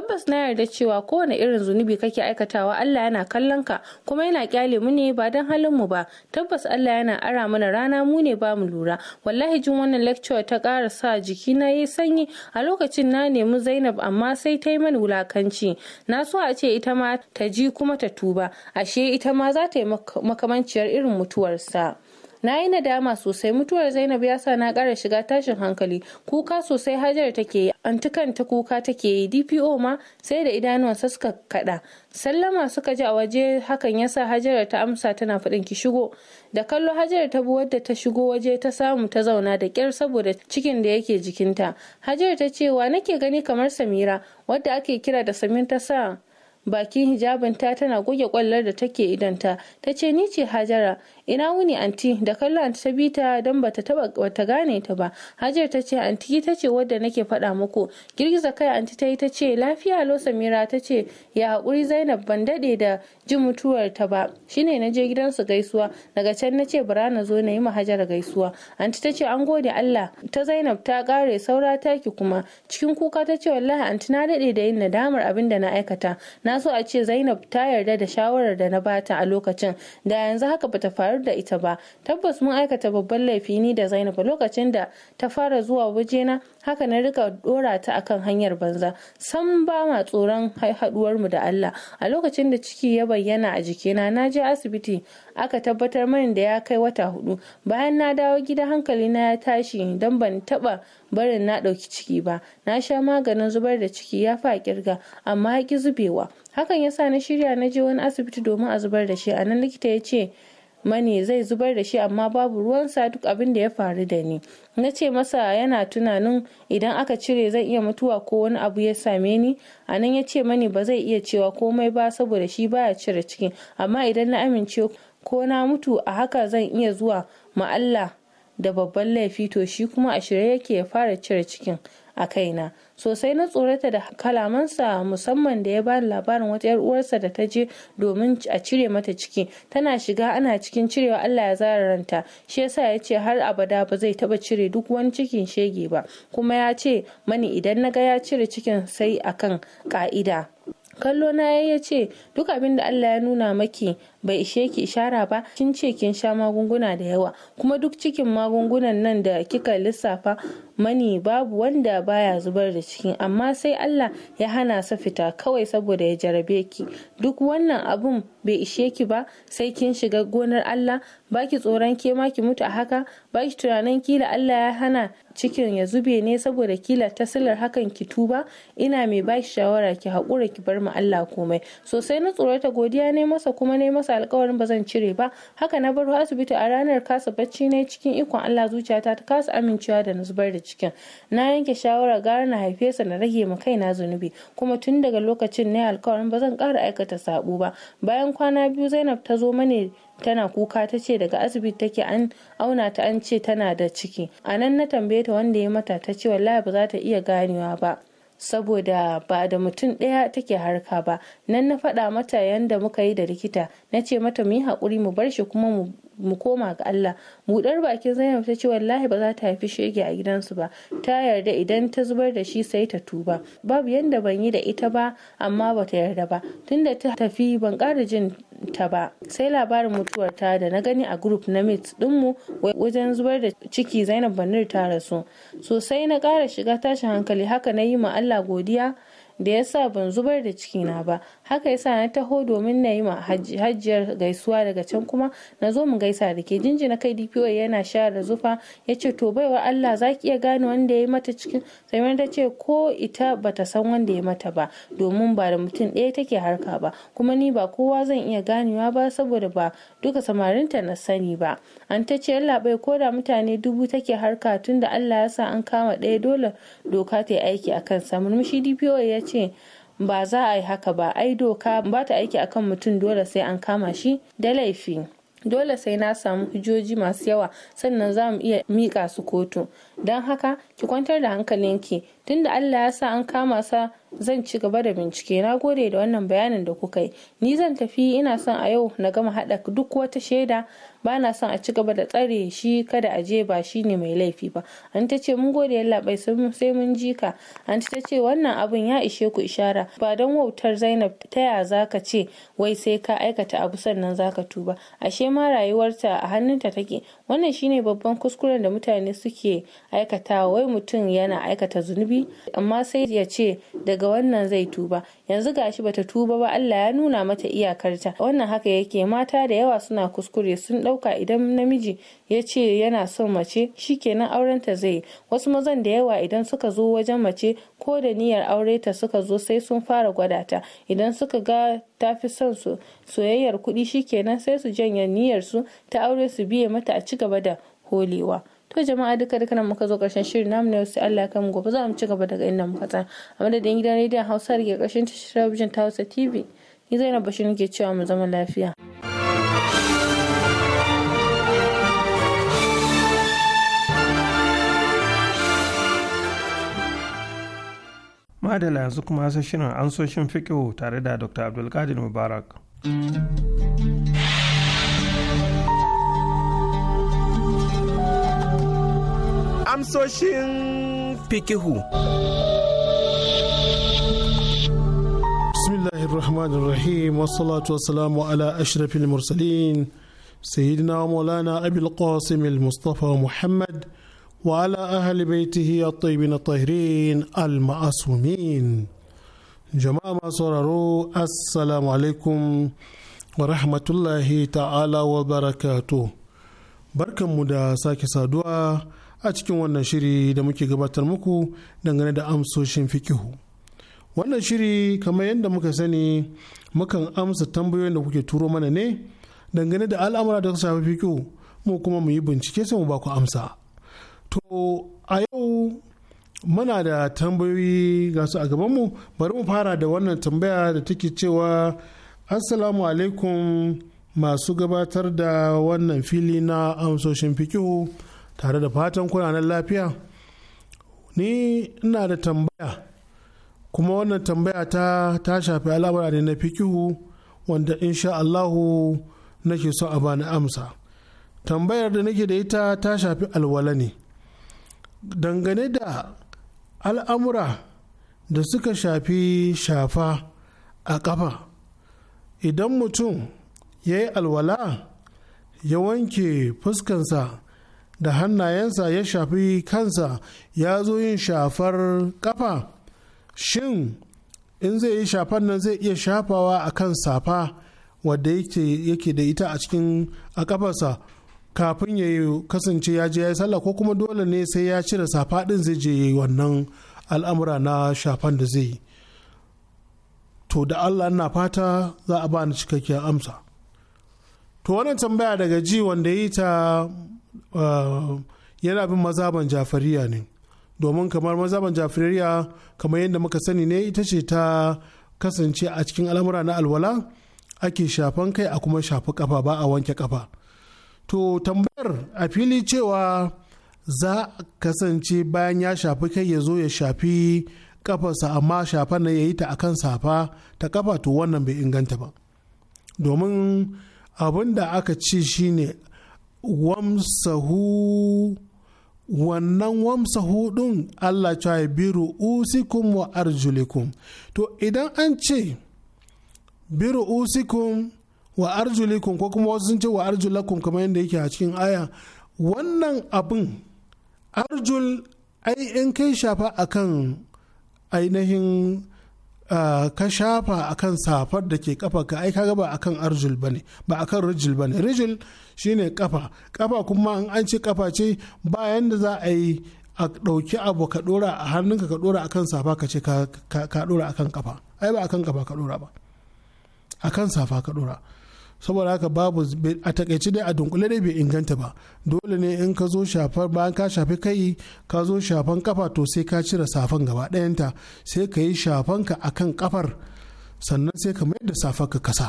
tabbas na yarda cewa kowane irin zunubi kake aikatawa Allah yana kallon ka kuma yana kyale mu ne ba dan halin mu ba tabbas Allah yana ara mana rana mu ne ba mu lura wallahi jin wannan lecture ta ƙara sa jiki na yi sanyi a lokacin na nemi Zainab amma sai ta yi mani wulakanci na so a ce ita ma ta ji kuma ta tuba ashe ita ma za ta yi makamanciyar irin mutuwarsa. na yi nadama sosai mutuwar zainab ya sa na kara shiga tashin hankali kuka sosai hajar take yi antukan ta kuka take yi dpo ma sai da idanuwansa suka kaɗa sallama suka ji a waje hakan ya sa hajar ta amsa tana faɗin ki shigo da kallo hajar ta wadda ta shigo waje ta samu ta zauna da ƙyar saboda cikin da yake jikinta hajar ta ce wa nake gani kamar samira wadda ake kira da samin ta sa bakin hijabinta tana goge kwallar da take idanta ta ce ni ce hajara ina wuni anti da kallon ta bi ta don bata taba bata gane ta ba hajar ta ce anti ita ce wadda nake faɗa muku girgiza kai anti ta yi ta ce lafiya lo samira ta ce ya haƙuri zainab ban daɗe da ji mutuwar ta ba shine na je gidansu gaisuwa daga can na ce bara na zo na yi ma hajar gaisuwa anti ta ce an gode allah ta zainab ta kare, saura taki kuma cikin kuka ta ce wallahi anti na daɗe da yin nadamar abin da na aikata na so a ce zainab ta yarda da shawarar da na bata a lokacin da yanzu haka bata faru karar da ita ba tabbas mun aikata babban laifi ni da zainab lokacin da ta fara zuwa waje na haka na rika dora ta akan hanyar banza san ba ma tsoron haduwar mu da Allah a lokacin da ciki ya bayyana a jikina na je asibiti aka tabbatar mani da ya kai wata hudu bayan na dawo gida hankali na ya tashi dan ban taba barin na ɗauki ciki ba na sha maganin zubar da ciki ya fa kirga amma ya ki zubewa hakan yasa na shirya na je wani asibiti domin a zubar da shi anan likita ya ce mani zai zubar da shi amma babu ruwansa duk abin da ya faru da ni na ce masa yana tunanin idan aka cire zan iya mutuwa ko wani abu ya same ni a nan ya ce mani ba zai iya cewa komai ba saboda shi baya cire cikin amma idan na amince ko na mutu a haka zan iya zuwa ma Allah da babban laifi to shi kuma a shirye yake ya fara cire cikin a kaina sosai na tsorata da kalamansa musamman da ya bani labarin wata yar uwarsa da ta je domin a cire mata ciki tana shiga ana cikin cirewa Allah ya zara ranta shi yasa ya ce har abada ba zai taba cire duk wani cikin shege ba kuma ya ce mani idan na ga ya cire cikin sai akan ka'ida kallo na ya ce duk abin da Allah ya nuna maki bai ishe ki ishara ba kin ce kin sha magunguna da yawa kuma duk cikin magungunan nan da kika lissafa mani babu wanda baya zubar da ciki amma sai Allah ya hana sa fita kawai saboda ya jarabe ki duk wannan abun bai ishe ki ba sai kin shiga gonar Allah baki tsoron ke ma ki mutu a haka baki tunanin kila Allah ya hana cikin ya zube ne saboda kila ta tasilar hakan ki tuba ina mai baki shawara ki haƙura ki bar mu Allah komai sosai na tsorata godiya ne masa kuma ne masa alkawarin ba zan cire ba haka na baro asibiti a ranar kasa bacci na cikin ikon Allah zuciyata ta kasa amincewa da na zubar da cikin na yanke shawara gara na haife sa na rage ma na zunubi kuma tun daga lokacin na alkawarin ba zan ƙara aikata sabo ba bayan kwana biyu Zainab ta zo mane tana kuka ta ce daga asibiti take an auna ta an ce tana da ciki a nan na tambaye ta wanda ya mata ta ce wallahi ba za ta iya ganewa ba saboda ba da mutum ɗaya take harka ba nan na faɗa mata yadda muka yi da likita na ce mata mu yi haƙuri mu bar shi kuma mu mu koma ga Allah budar bakin Zainab ta ce wallahi ba za ta haifi shege a gidansu ba ta yarda idan ta zubar da shi sai ta tuba babu yanda ban yi da ita ba amma ba ta yarda ba tunda ta tafi ban ƙara jin ta ba sai labarin mutuwar ta da na gani a group na mates dinmu wajen zubar da ciki Zainab Banir ta rasu sosai na kara shiga tashin hankali haka na yi ma Allah godiya da ya sa ban zubar da cikina ba haka yasa na taho domin na yi ma hajjiyar gaisuwa daga can kuma na zo mu gaisa da ke jinjina kai dpo yana sha da zufa ya ce to baiwa allah za ki iya gane wanda ya yi mata cikin sami ta ce ko ita bata san wanda ya mata ba domin ba da mutum ɗaya take harka ba kuma ni ba kowa zan iya ganewa ba saboda ba duka samarinta na sani ba an ta ce yalla bai koda mutane dubu take harka tunda allah ya sa an kama ɗaya dole doka ta yi aiki a kansa murmushi dpo ya ce ba za a yi haka ba ai doka ba ta aiki akan mutum dole sai an kama shi da laifi dole sai na samu hujjoji masu yawa sannan za mu iya miƙa su kotu don haka ki kwantar da hankalinki tunda allah ya sa an kama sa zan ci gaba da bincike na gode da wannan bayanin da kuka yi ni zan tafi ina son a yau na gama haɗa duk wata shaida ba na son a ci gaba da tsare shi kada a je ba shi ne mai laifi ba an ta ce mun gode yalla bai sai mun ji ka an ta ce wannan abun ya ishe ku ishara ba don wautar zainab ta ya zaka ce wai sai ka aikata abu sannan zaka tuba ashe ma rayuwarta a hannunta take wannan shine babban kuskuren da mutane suke aikata wai mutum yana aikata zunubi amma sai ya ce daga wannan zai tuba yanzu gashi bata tuba ba Allah ya nuna mata iyakarta wannan haka yake mata da yawa suna kuskure sun ɗau ɗauka idan namiji ya ce yana son mace shi shikenan auren ta zai wasu mazan da yawa idan suka zo wajen mace ko da niyyar aure ta suka zo sai sun fara gwadata idan suka ga ta fi son su soyayyar kuɗi shikenan sai su janya niyyar su ta aure su biye mata a ci gaba da holewa to jama'a duka duka nan muka zo karshen shirin namu na sai Allah kan gobe za mu ci gaba daga inda muka tsaya a madadin gidan rediyon Hausa da ke karshen tashar ta Hausa TV ni Zainab Bashir nake cewa mu zama lafiya. madala yanzu kuma sai shirin ansoshin fikihu tare da dr abdulkadir mubarak amsoshin fikihu bismillahir rahmanir rahim wassalatu wassalamu ala ashrafil mursalin sayyidina wa maulana abil qasim al mustafa muhammad وعلى أهل بيته الطيبين الطاهرين المأسومين جماعة صرروا السلام عليكم ورحمة الله تعالى وبركاته barkan barkanmu da sake saduwa a cikin wannan shiri da muke gabatar muku dangane da amsoshin fikihu wannan shiri kamar yadda muka sani mukan amsa tambayoyin da kuke turo mana ne dangane da al'amura da ta shafi fikihu mu kuma mu yi bincike sai mu ba ku amsa to a yau muna da tambayoyi ga su a gabanmu bari mu fara da wannan tambaya da take cewa assalamu alaikum masu gabatar da wannan fili na amsoshin fikihu tare da fatan kuna lafiya ni ina da tambaya kuma wannan tambaya ta ta shafi al'amura ne na fikihu wanda insha Allahu nake so a bani amsa tambayar da nake da ita ta shafi alwala ne dangane da al'amura da suka shafi shafa a ƙafa idan mutum ya yi alwala ya wanke fuskansa da hannayensa ya shafi kansa ya zo yin shafar ƙafa shin in zai yi shafan nan zai iya shafawa a kan safa wadda yake da ita a cikin a ƙafarsa kafin ya kasance ya je ya yi sallah ko kuma dole ne sai ya cire safa din zai je wannan al'amura na shafan da zai yi to da allah na fata za a bani cikakkiyar amsa to wannan tambaya daga ji wanda yi ta ah, yana bin mazaban jafariya ne domin kamar mazaban jafariya kamar yadda muka sani ne ita ce ta kasance a cikin al'amura na alwala ake shafan kai a kuma shafi kafa ba a wanke kafa to tambayar a fili cewa za kasance bayan ya shafi kai ya zo ya shafi kafarsa amma shafa na ya yi ta akan safa ta kafa to wannan bai inganta ba domin abin da aka ce shi ne wamsahu wannan wamsahu din Allah cewa biru usikum wa arjulikum to idan an ce biru usikum wa arzulikum ko kuma wasu sun ce wa arzulakum kamar yadda yake a cikin aya wannan abin arjul ai in kai shafa akan ainihin ka shafa akan safar da ke kafa ka ai kaga ba akan arjul bane ba akan rijil bane rijil shine kafa kafa kuma in an ce kafa ce bayan da za a yi a ɗauki abu ka dora a hannunka ka ɗora akan safa ka ce ka ɗora akan kafa ai ba akan kafa ka ɗora ba akan safa ka ɗora saboda haka babu a takaice dai a dunkule dai bai inganta ba dole ne in ka zo shafar bayan ka shafi kai ka zo shafan kafa to sai ka cire safan gaba ɗayanta sai ka yi shafan ka akan kafar sannan sai ka mayar da ka kasa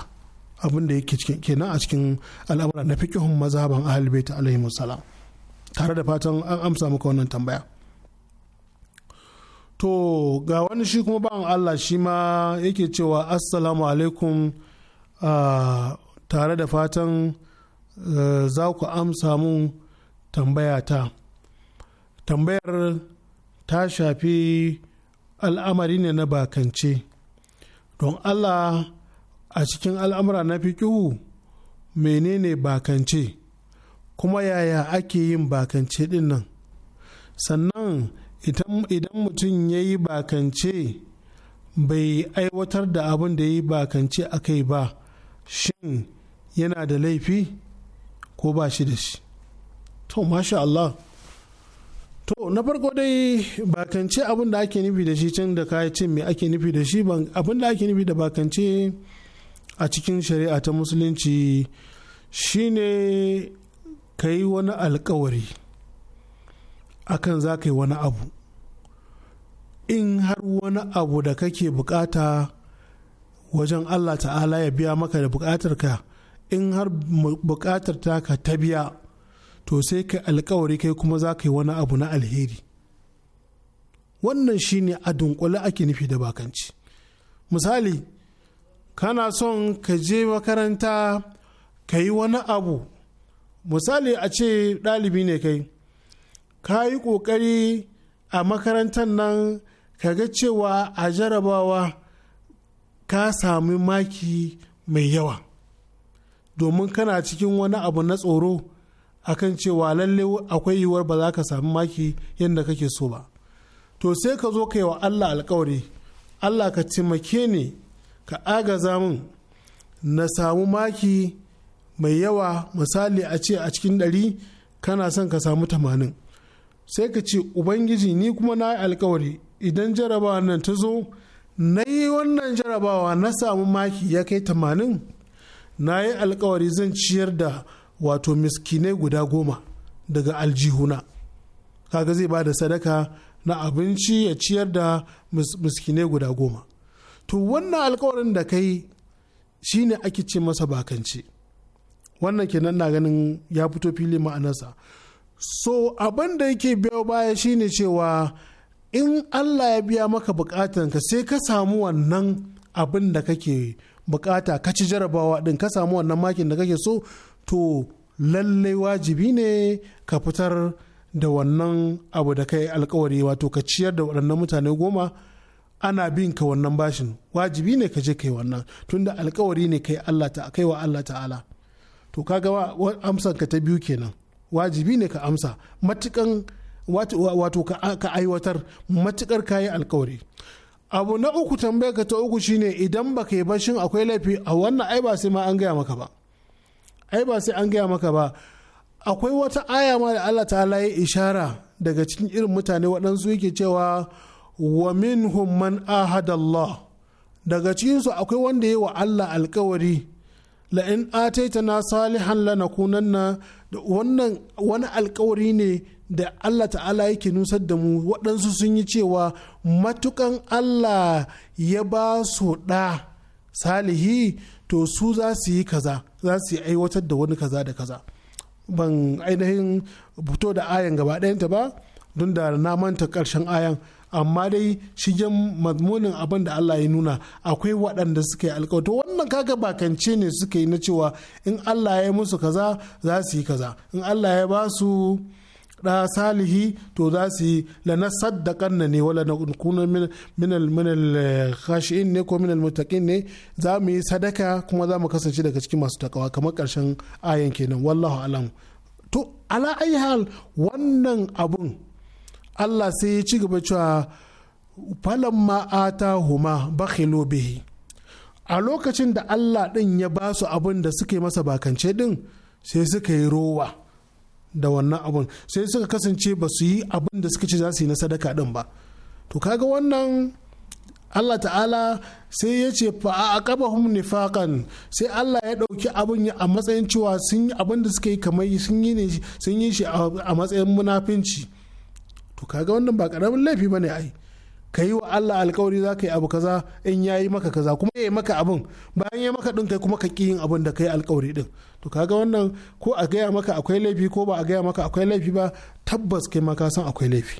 abin da yake kenan a cikin al'amura na fikihun mazhaban ahlul bait alaihi wasallam tare da fatan an amsa maka wannan tambaya to ga wani shi kuma ba'an Allah shi ma yake cewa assalamu alaikum ah, tare da fatan eh, za ku amsa mun tambaya ta tambayar ta shafi al'amari ne na bakance don allah a cikin al'amura na kihu menene bakance kuma yaya ake yin bakance din nan sannan idan mutum ya yi bakance bai aiwatar da abin da ya yi bakance a kai ba shin yana da laifi ko ba shi da shi to masha Allah to na farko dai bakance abin da ake nufi da shi can da kayi cin me ake nufi da shi abin da ake nufi da bakance a cikin shari'a ta musulunci shine ka yi wani alkawari akan za ka yi wani abu in har wani abu da kake bukata wajen allah ta'ala ya biya maka da ka. in har bukatar taka ta biya to sai ka alkawari kai kuma za ka yi wani abu na alheri wannan shine a dunkule ake nufi da bakanci misali kana son ka je makaranta ka yi wani abu misali a ce ɗalibi ne kai ka yi ƙoƙari a makarantar nan ka ga cewa a jarabawa ka sami maki mai yawa domin kana cikin wani abu na tsoro akan cewa lalle akwai yiwuwar ba za ka samu maki yadda kake so ba to sai ka zo ka yi wa Allah alkawari Allah ka taimake ni ka agaza min na samu maki mai yawa misali a ce a cikin ɗari kana son ka samu tamanin sai ka ce ubangiji ni kuma na yi alkawari idan jarabawa nan ta zo na yi wannan jarabawa na samu maki ya kai tamanin na yi alkawari zan ciyar da wato miskinai guda goma daga aljihuna kaga zai ba da sadaka na abinci ya ciyar da miskinai guda goma to wannan alkawarin da kai shi ne ake ce masa bakance wannan kenan na ganin ya fito fili ma'anarsa so abin da yake biyo baya shine cewa in allah ya biya maka bukatanka sai ka samu wannan abin da kake bukata ka ci jarabawa din ka samu wannan makin da kake so to lallai wajibi ne ka fitar da wannan abu da kai alkawari wato ka ciyar da waɗannan mutane goma ana bin ka wannan bashin wajibi ne ka je kai wannan tunda alkawari ne kai Allah ta kai wa Allah ta'ala to kaga amsan ka ta biyu kenan wajibi ne ka amsa matukan wato ka aiwatar matukar kayi alkawari abu na uku tambayarka ka ta uku shine idan baka yi bashin akwai laifi a wannan ai ba sai ma an gaya maka ba ai ba sai an gaya maka ba akwai wata aya ma da Allah ta ya ishara daga cikin irin mutane waɗansu yake cewa wa minhum man ahada daga cikin su akwai wanda ya wa Allah alkawari la in ataitana salihan lanakunanna wannan wani alkawari ne da Allah ta'ala yake nusar da mu waɗansu sun yi cewa matukan Allah ya ba su ɗa salihi to su za su yi kaza za su yi aiwatar da wani kaza da kaza ban ainihin fito da ayan gaba ɗayanta ba don da na manta ƙarshen ayan amma dai shigen mazmunin abin da Allah ya nuna akwai waɗanda suka yi alkawato wannan kaga bakance ne suka yi na cewa in Allah ya yi musu kaza za su yi kaza in Allah ya ba su da salihi to za su yi lana saddakan na ne wala kuna minal minal eh, khashi'in ne ko minal mutakin ne za mu yi sadaka kuma za mu kasance daga cikin masu takawa kamar karshen ayan kenan wallahu alam to ala hal wannan abun Allah sai ya ci gaba cewa falan ma'ata huma bakhilu bihi a lokacin da Allah din ya ba su abin da suke masa bakance din sai suka yi rowa da wannan abun sai suka kasance ba su yi abin da suka ce za su yi na sadaka din ba to kaga wannan Allah ta'ala sai ya ce fa a hum nifaqan sai Allah ya dauki abun a matsayin cewa sun yi abin da suka yi kamar sun yi sun yi shi a matsayin munafinci to kaga wannan ba karamin laifi bane ai ka yi wa Allah alkawari za ka yi abu kaza in ya yi maka kaza kuma ya yi maka abin bayan ya maka din kai kuma ka ƙi yin abin da ka yi alkawari ɗin to kaga wannan ko a gaya maka akwai laifi ko ba a gaya maka akwai laifi ba tabbas kai ma ka san akwai laifi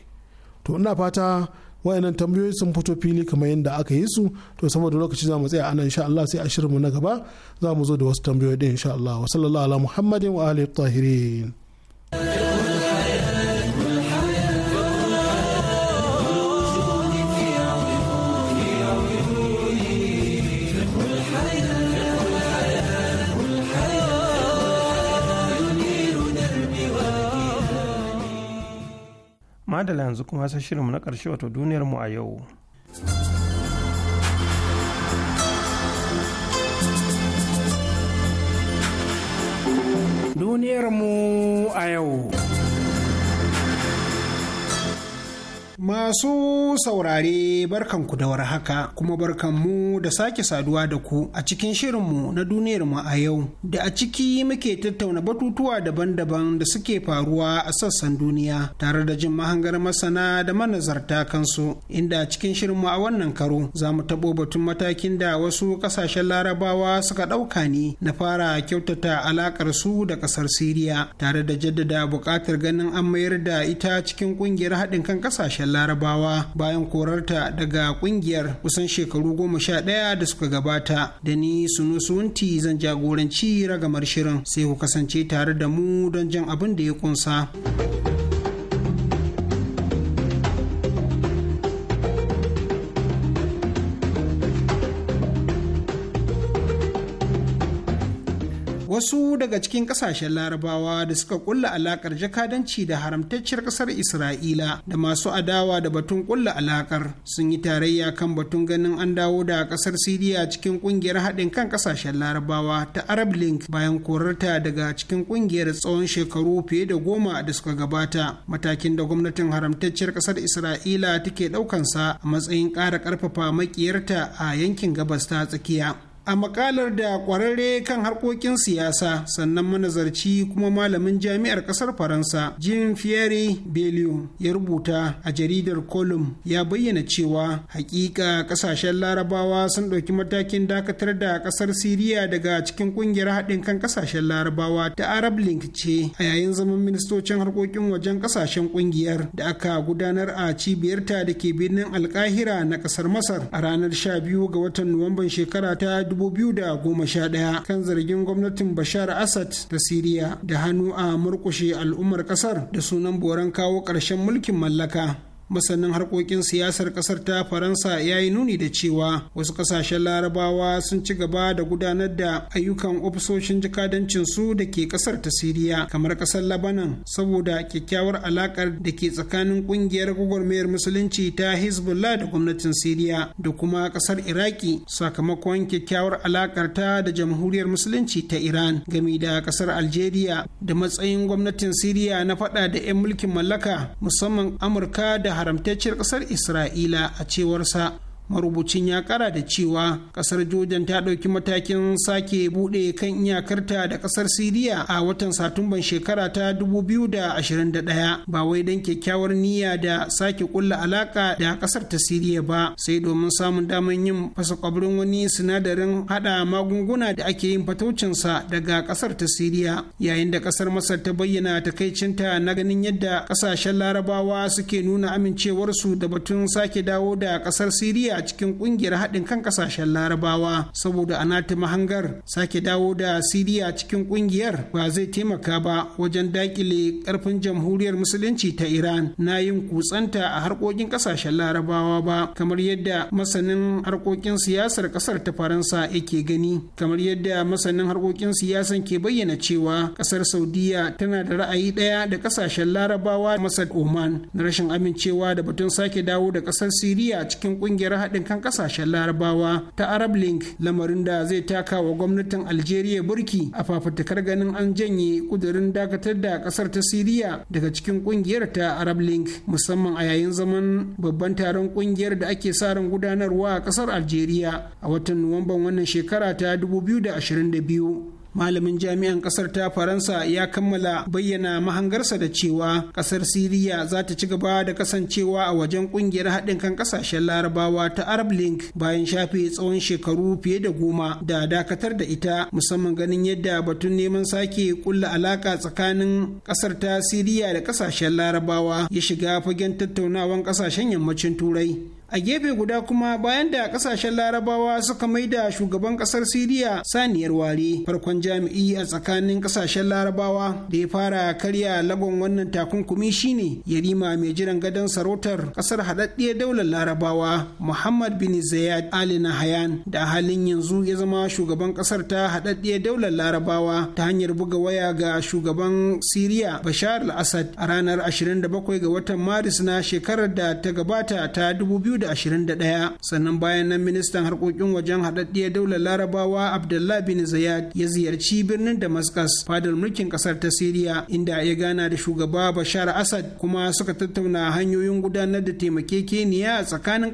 to ina fata wayannan tambayoyi sun fito fili kamar yadda aka yi su to saboda lokaci za mu tsaya ana insha Allah sai a shirin mu na gaba za mu zo da wasu tambayoyi din insha Allah wa sallallahu ala muhammadin wa alihi tahirin da yanzu kuma sai shirinmu na ƙarshe wato duniyarmu a yau. Duniyarmu a yau. Masu saurare barkanku da war haka kuma barkanmu da sake saduwa da ku a cikin shirinmu na duniyarmu a yau da a ciki muke tattauna batutuwa daban-daban da suke faruwa a sassan duniya tare da jin mahangar masana da manazarta kansu inda a cikin shirinmu a wannan karo za mu taɓo batun matakin da wasu ƙasashen larabawa suka ɗauka ne na fara kyautata alaƙar su da ƙasar siriya tare da jaddada buƙatar ganin an mayar da ita cikin ƙungiyar haɗin kan ƙasashen kasashen larabawa bayan korarta daga kungiyar kusan shekaru goma sha ɗaya da suka gabata da ni suno sunti zan jagoranci ragamar shirin sai ku kasance tare da mu don jan abin da ya kunsa. wasu daga cikin kasashen larabawa da suka kulla alakar jakadanci da haramtacciyar kasar isra'ila da masu adawa da batun kulla alakar sun yi tarayya kan batun ganin an dawo da kasar siriya cikin kungiyar haɗin kan kasashen larabawa ta arab link bayan korarta daga cikin kungiyar tsawon shekaru fiye da goma da suka gabata matakin da gwamnatin haramtacciyar kasar isra'ila take ɗaukansa a matsayin ƙara ƙarfafa makiyarta a yankin gabas ta tsakiya a makalar da kwararre kan harkokin siyasa sannan manazarci kuma malamin jami'ar kasar faransa jean fieri belio ya rubuta a jaridar column ya bayyana cewa hakika kasashen larabawa sun ɗauki matakin dakatar da kasar siriya daga cikin kungiyar haɗin kan kasashen larabawa ta arab link ce a yayin zaman ministocin harkokin wajen kasashen kungiyar da aka gudanar a cibiyarta da ke birnin alkahira na kasar masar a ranar 12 ga watan nuwamban shekara ta 2011 kan zargin gwamnatin Bashar Assad ta Siriya da hannu a murkushe al'ummar kasar da sunan boran kawo ƙarshen mulkin mallaka. masanin harkokin siyasar kasar ta faransa ya yi nuni da cewa wasu kasashen larabawa sun ci gaba da gudanar da ayyukan ofisoshin jikadancinsu da ke kasar ta siriya kamar kasar labanan saboda kyakkyawar alakar da ke tsakanin kungiyar gwagwarmayar musulunci ta hezbollah da gwamnatin siriya da kuma kasar iraki sakamakon kyakkyawar alakar ta da jamhuriyar musulunci ta iran gami da kasar algeria da matsayin gwamnatin siriya na fada da 'yan mulkin mallaka musamman amurka da haramtacciyar ƙasar isra'ila a cewarsa marubucin ya kara da cewa kasar jordan ta ɗauki matakin sake buɗe kan iyakarta da kasar siriya a watan satumban shekara ta 2021 ba wai don kyakkyawar niyya da sake kulla alaka da kasar ta siriya ba sai domin samun damar yin fasa wani sinadarin hada magunguna da ake yin fataucinsa daga kasar ta siriya yayin da kasar masar ta bayyana takaicinta na ganin yadda kasashen larabawa suke nuna amincewarsu da batun sake dawo da kasar siriya a cikin kungiyar haɗin kan ƙasashen larabawa saboda ta mahangar sake dawo da siriya cikin kungiyar ba zai taimaka ba wajen daƙile ƙarfin jamhuriyar musulunci ta iran na yin kutsanta a harkokin ƙasashen larabawa ba kamar yadda masanin harkokin siyasar ƙasar ta faransa yake gani kamar yadda masanin harkokin siyasan ke bayyana cewa ƙasar saudiya tana da ra'ayi ɗaya da ƙasashen larabawa masar oman na rashin amincewa da batun sake dawo da ƙasar siriya cikin kungiyar haɗin kan ƙasashen larabawa ta arab link lamarin da zai taka wa gwamnatin algeria burki a fafutukar ganin an janye ƙudurin dakatar da ƙasar ta siriya daga cikin ƙungiyar ta arab link musamman a yayin zaman babban taron ƙungiyar da ake sa ran gudanarwa a ƙasar algeria a watan nuwamban wannan shekara ta 2022 malamin jami'an kasar ta faransa ya kammala bayyana mahangarsa da cewa kasar siriya za ta ci gaba da kasancewa a wajen kungiyar haɗin kan kasashen larabawa ta arab link bayan shafe tsawon shekaru fiye da goma da dakatar da ita musamman ganin yadda batun neman sake kulla alaka tsakanin kasar ta siriya da kasashen larabawa ya shiga fagen tattaunawan kasashen yammacin turai a gefe guda kuma bayan da kasashen larabawa suka maida shugaban kasar siriya saniyar ware farkon jami'i a tsakanin kasashen larabawa da ya fara karya lagon wannan takunkumi shine yarima mai jiran gadon sarautar kasar haɗaɗɗiyar daular larabawa muhammad bin zayed ali Hayan. da halin yanzu ya zama shugaban kasar ta haɗaɗɗiyar daular larabawa ta hanyar buga waya ga shugaban siriya bashar al-assad a ranar 27 ga watan maris na shekarar da ta gabata ta biyu 2021 sannan bayan nan ministan harkokin wajen haɗaɗɗiyar daular larabawa abdullah bin zayad ya ziyarci birnin damascus fadar mulkin ƙasar ta siriya inda ya gana da shugaba bashar asad kuma suka tattauna hanyoyin gudanar da taimakekeniya a tsakanin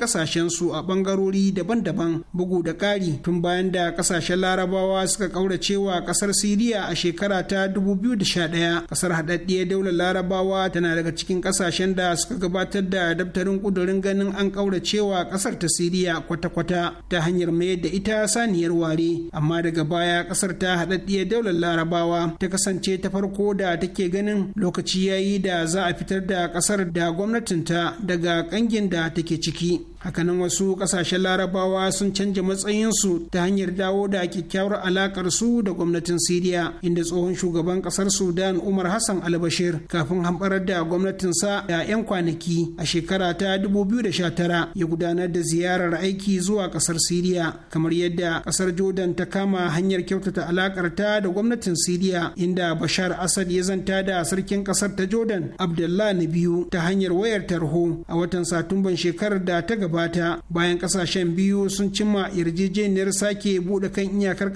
su a ɓangarori daban-daban bugu da ƙari tun bayan da ƙasashen larabawa suka ƙauracewa ƙasar siriya a shekara ta 2011 ƙasar haɗaɗɗiyar daular larabawa tana daga cikin ƙasashen da suka gabatar da daftarin ƙudurin ganin an ƙaura cewa ƙasar ta siriya kwata-kwata ta hanyar mayar da ita saniyar ware amma daga baya ƙasar ta haɗaɗɗiyar daular larabawa ta kasance ta farko da take ganin lokaci yayi da za a fitar da ƙasar da gwamnatinta daga ƙangin da take ciki hakanan wasu kasashen larabawa sun canja matsayinsu ta hanyar dawo da kyakkyawar alakar su da gwamnatin siriya inda tsohon shugaban kasar sudan umar hassan albashir kafin hamɓarar da gwamnatinsa da 'yan kwanaki a shekara ta 2019 ya gudanar da ziyarar aiki zuwa kasar siriya kamar yadda kasar jordan ta kama hanyar kyautata alakar ta da gwamnatin siriya inda bashar asad ya zanta da sarkin kasar ta jordan abdullah na biyu ta hanyar wayar tarho a watan satumban shekarar da ta gaba gabata bayan kasashen biyu sun cimma yarjejeniyar sake buɗe kan iyakar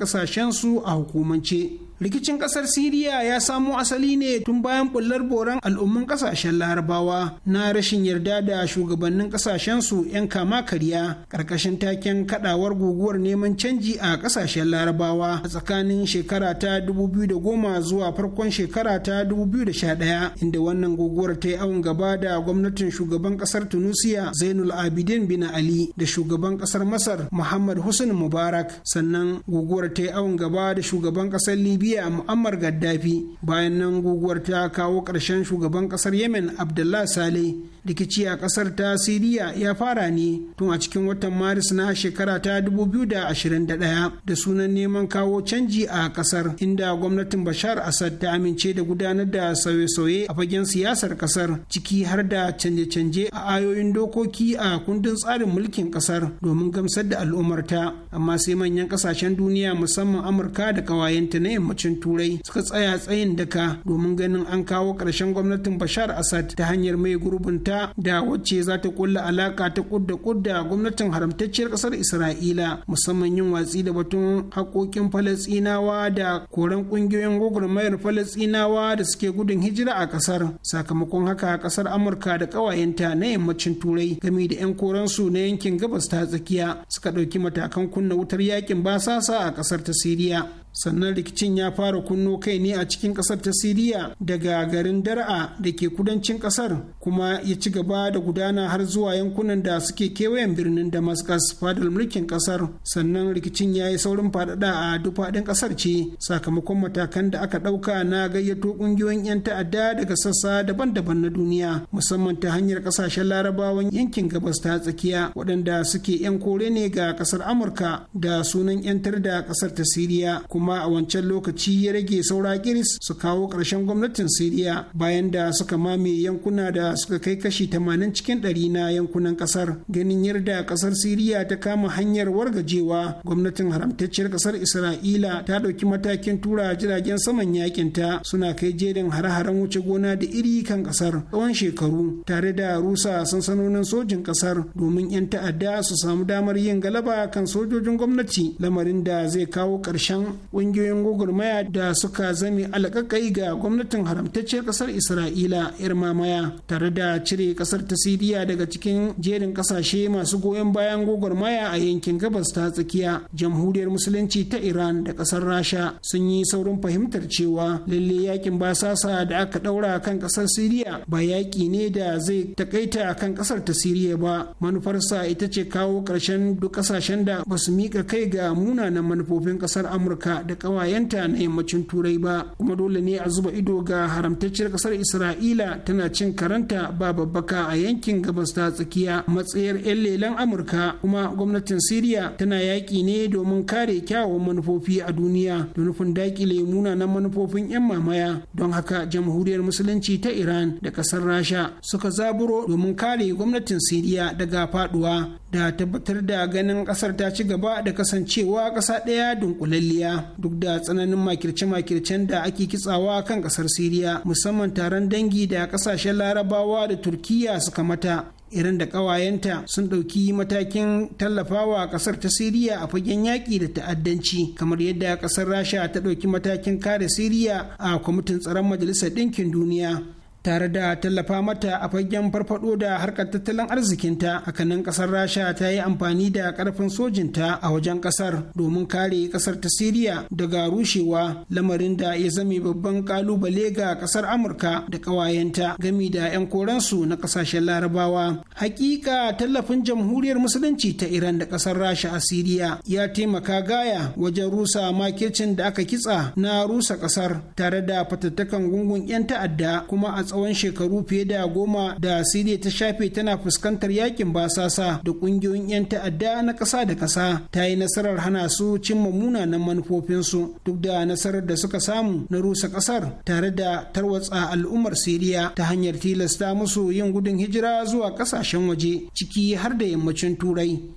su a hukumance rikicin kasar siriya ya samo asali ne tun bayan bullar boran al'ummin kasashen larabawa na rashin yarda da shugabannin kasashensu 'yan kama karya karkashin taken kadawar guguwar neman canji a kasashen larabawa a tsakanin shekara ta 2010 zuwa farkon shekara ta 2011 inda wannan guguwar ta yi awon gaba da gwamnatin shugaban kasar tunisia zainul abidin bin ali da shugaban kasar masar muhammad hussein mubarak sannan guguwar ta yi awon gaba da shugaban kasar libya libya muammar gaddafi bayan nan guguwar ta kawo ƙarshen shugaban ƙasar yemen abdullah sale rikici a ƙasar ta siriya ya fara ne tun a cikin watan maris na shekara ta 2021 da sunan neman kawo canji a ƙasar inda gwamnatin bashar asad ta amince da gudanar da sauye-sauye a fagen siyasar ƙasar ciki har da canje-canje a ayoyin dokoki a kundin tsarin mulkin ƙasar domin gamsar da al'ummarta amma sai manyan ƙasashen duniya musamman amurka da ƙawayenta na yamma yammacin turai suka tsaya tsayin daka domin ganin an kawo ƙarshen gwamnatin bashar assad ta hanyar mai gurbinta da wacce za ta kulla alaka ta kudda kudda gwamnatin haramtacciyar ƙasar isra'ila musamman yin watsi da batun haƙoƙin falasɗinawa da koren ƙungiyoyin gwagwarmayar falasɗinawa da suke gudun hijira a ƙasar sakamakon haka ƙasar amurka da ƙawayenta na yammacin turai game da 'yan koransu na yankin gabas ta tsakiya suka ɗauki matakan kunna wutar yakin basasa a ƙasar ta siriya sannan rikicin ya fara kunno kai ne a cikin kasar ta siriya daga garin dar'a da ke kudancin kasar kuma ya ci gaba da gudana har zuwa yankunan da suke kewayen birnin damascus fadar mulkin kasar sannan rikicin ya yi saurin faɗaɗa a duk kasar ce sakamakon matakan da aka ɗauka na gayyato ƙungiyoyin 'yan ta'adda daga sassa daban-daban na duniya musamman ta hanyar ƙasashen larabawan yankin gabas ta tsakiya waɗanda suke 'yan kore ne ga ƙasar amurka da sunan 'yantar da ƙasar ta siriya kuma kuma a wancan lokaci ya rage saura kiris su kawo ƙarshen gwamnatin siriya bayan da suka mame yankuna da suka kai kashi tamanin cikin ɗari na yankunan ƙasar ganin yarda ƙasar siriya ta kama hanyar wargajewa gwamnatin haramtacciyar ƙasar isra'ila ta ɗauki matakin tura jiragen saman yakin ta suna kai jerin hare-haren wuce gona da iri kan ƙasar tsawon shekaru tare da rusa sansanonin sojin ƙasar domin 'yan ta'adda su samu damar yin galaba kan sojojin gwamnati lamarin da zai kawo ƙarshen kungiyoyin gwagwarmaya da suka zame alƙaƙai ga gwamnatin haramtacciyar ƙasar isra'ila yar mamaya tare da cire ƙasar ta siriya daga cikin jerin ƙasashe masu goyon bayan gwagwarmaya a yankin gabas ta tsakiya jamhuriyar musulunci ta iran da ƙasar rasha sun yi saurin fahimtar cewa lalle yakin basasa da aka ɗaura kan ƙasar siriya ba yaƙi ne da zai takaita kan ƙasar ta siriya ba manufarsa ita ce kawo ƙarshen duk ƙasashen da ba su miƙa kai ga munanan manufofin ƙasar amurka da kawayenta na yammacin turai ba kuma dole ne a zuba ido ga haramtacciyar kasar isra'ila tana cin karanta ba babbaka a yankin gabas ta tsakiya matsayar 'yan lelen amurka kuma gwamnatin siriya tana yaƙi ne domin kare kyawawan manufofi a duniya da nufin daƙile na manufofin 'yan mamaya don haka jamhuriyar musulunci ta iran da ƙasar rasha suka zaburo domin kare gwamnatin siriya daga faduwa da tabbatar da ganin ƙasar ta ci gaba da kasancewa ƙasa ɗaya dunkulalliya duk da tsananin makirce-makircen da ake kitsawa kan kasar siriya musamman taron dangi da kasashen larabawa da turkiya suka mata irin da kawayenta sun ɗauki matakin tallafawa ƙasar ta siriya a fagen yaƙi da ta'addanci kamar yadda ƙasar rasha ta ɗauki matakin kare siriya a kwamitin tsaron majalisar ɗinkin duniya tare da tallafa mata a fagen farfado da harkar tattalin arzikinta hakanan kasar rasha ta yi amfani da karfin sojinta a wajen kasar domin kare kasar ta siriya daga rushewa lamarin da ya zame babban kalubale ga kasar amurka da kawayenta gami da 'yan koransu na kasashen larabawa hakika tallafin jamhuriyar musulunci ta iran da kasar rasha a siriya ya taimaka gaya wajen rusa makircin da aka kitsa na rusa kasar tare da fatattakan gungun 'yan ta'adda kuma a tsawon shekaru fiye da goma da siriya ta shafe tana fuskantar yakin basasa da ƙungiyoyin 'yan ta'adda na ƙasa da ƙasa ta yi nasarar hana su cimma munanan manufofinsu duk da nasarar da suka samu na rusa ƙasar tare da tarwatsa al'ummar siriya ta hanyar tilasta musu yin gudun hijira zuwa ƙasashen waje ciki har da yammacin turai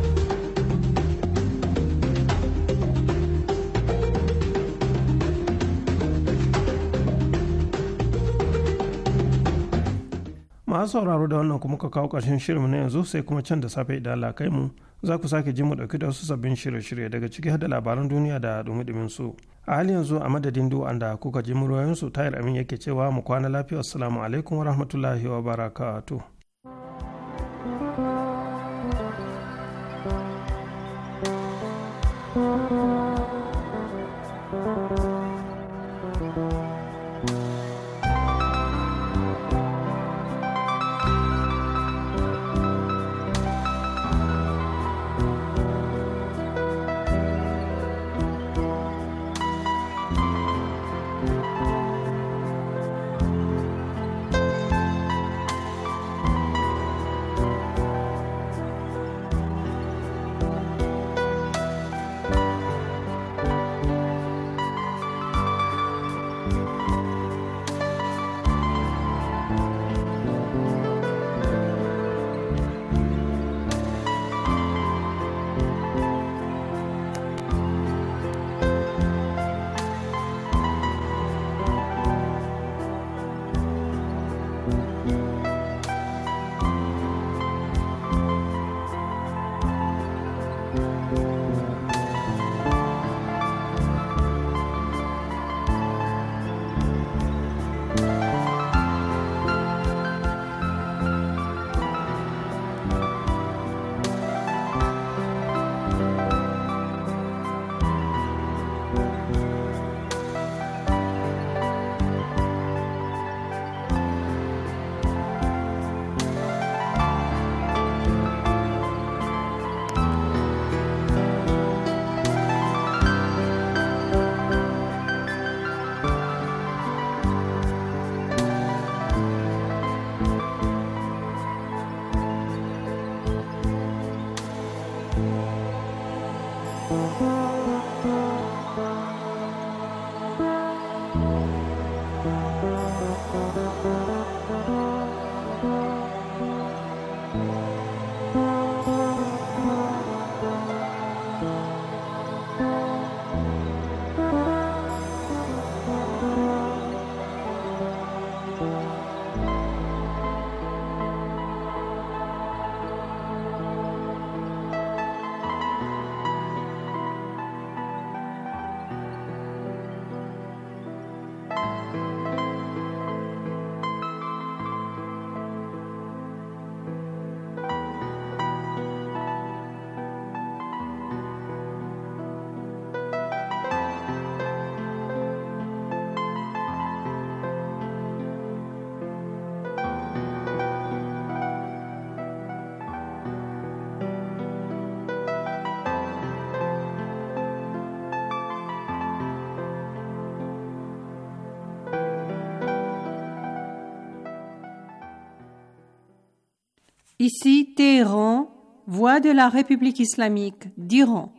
masu sauraro da wannan kuma ka kawo ƙarshen shirinmu na yanzu sai kuma can da safe idan kai mu za ku sake ji mu ɗauki da wasu sabbin shirye-shirye daga ciki da labaran duniya da dumi su a hali yanzu a madadin duk wanda kuka ji su tayar amin yake cewa mu kwana lafiya assalamu alaikum wa rahmatullahi wa barakatuh Ici, Téhéran, voix de la République islamique d'Iran.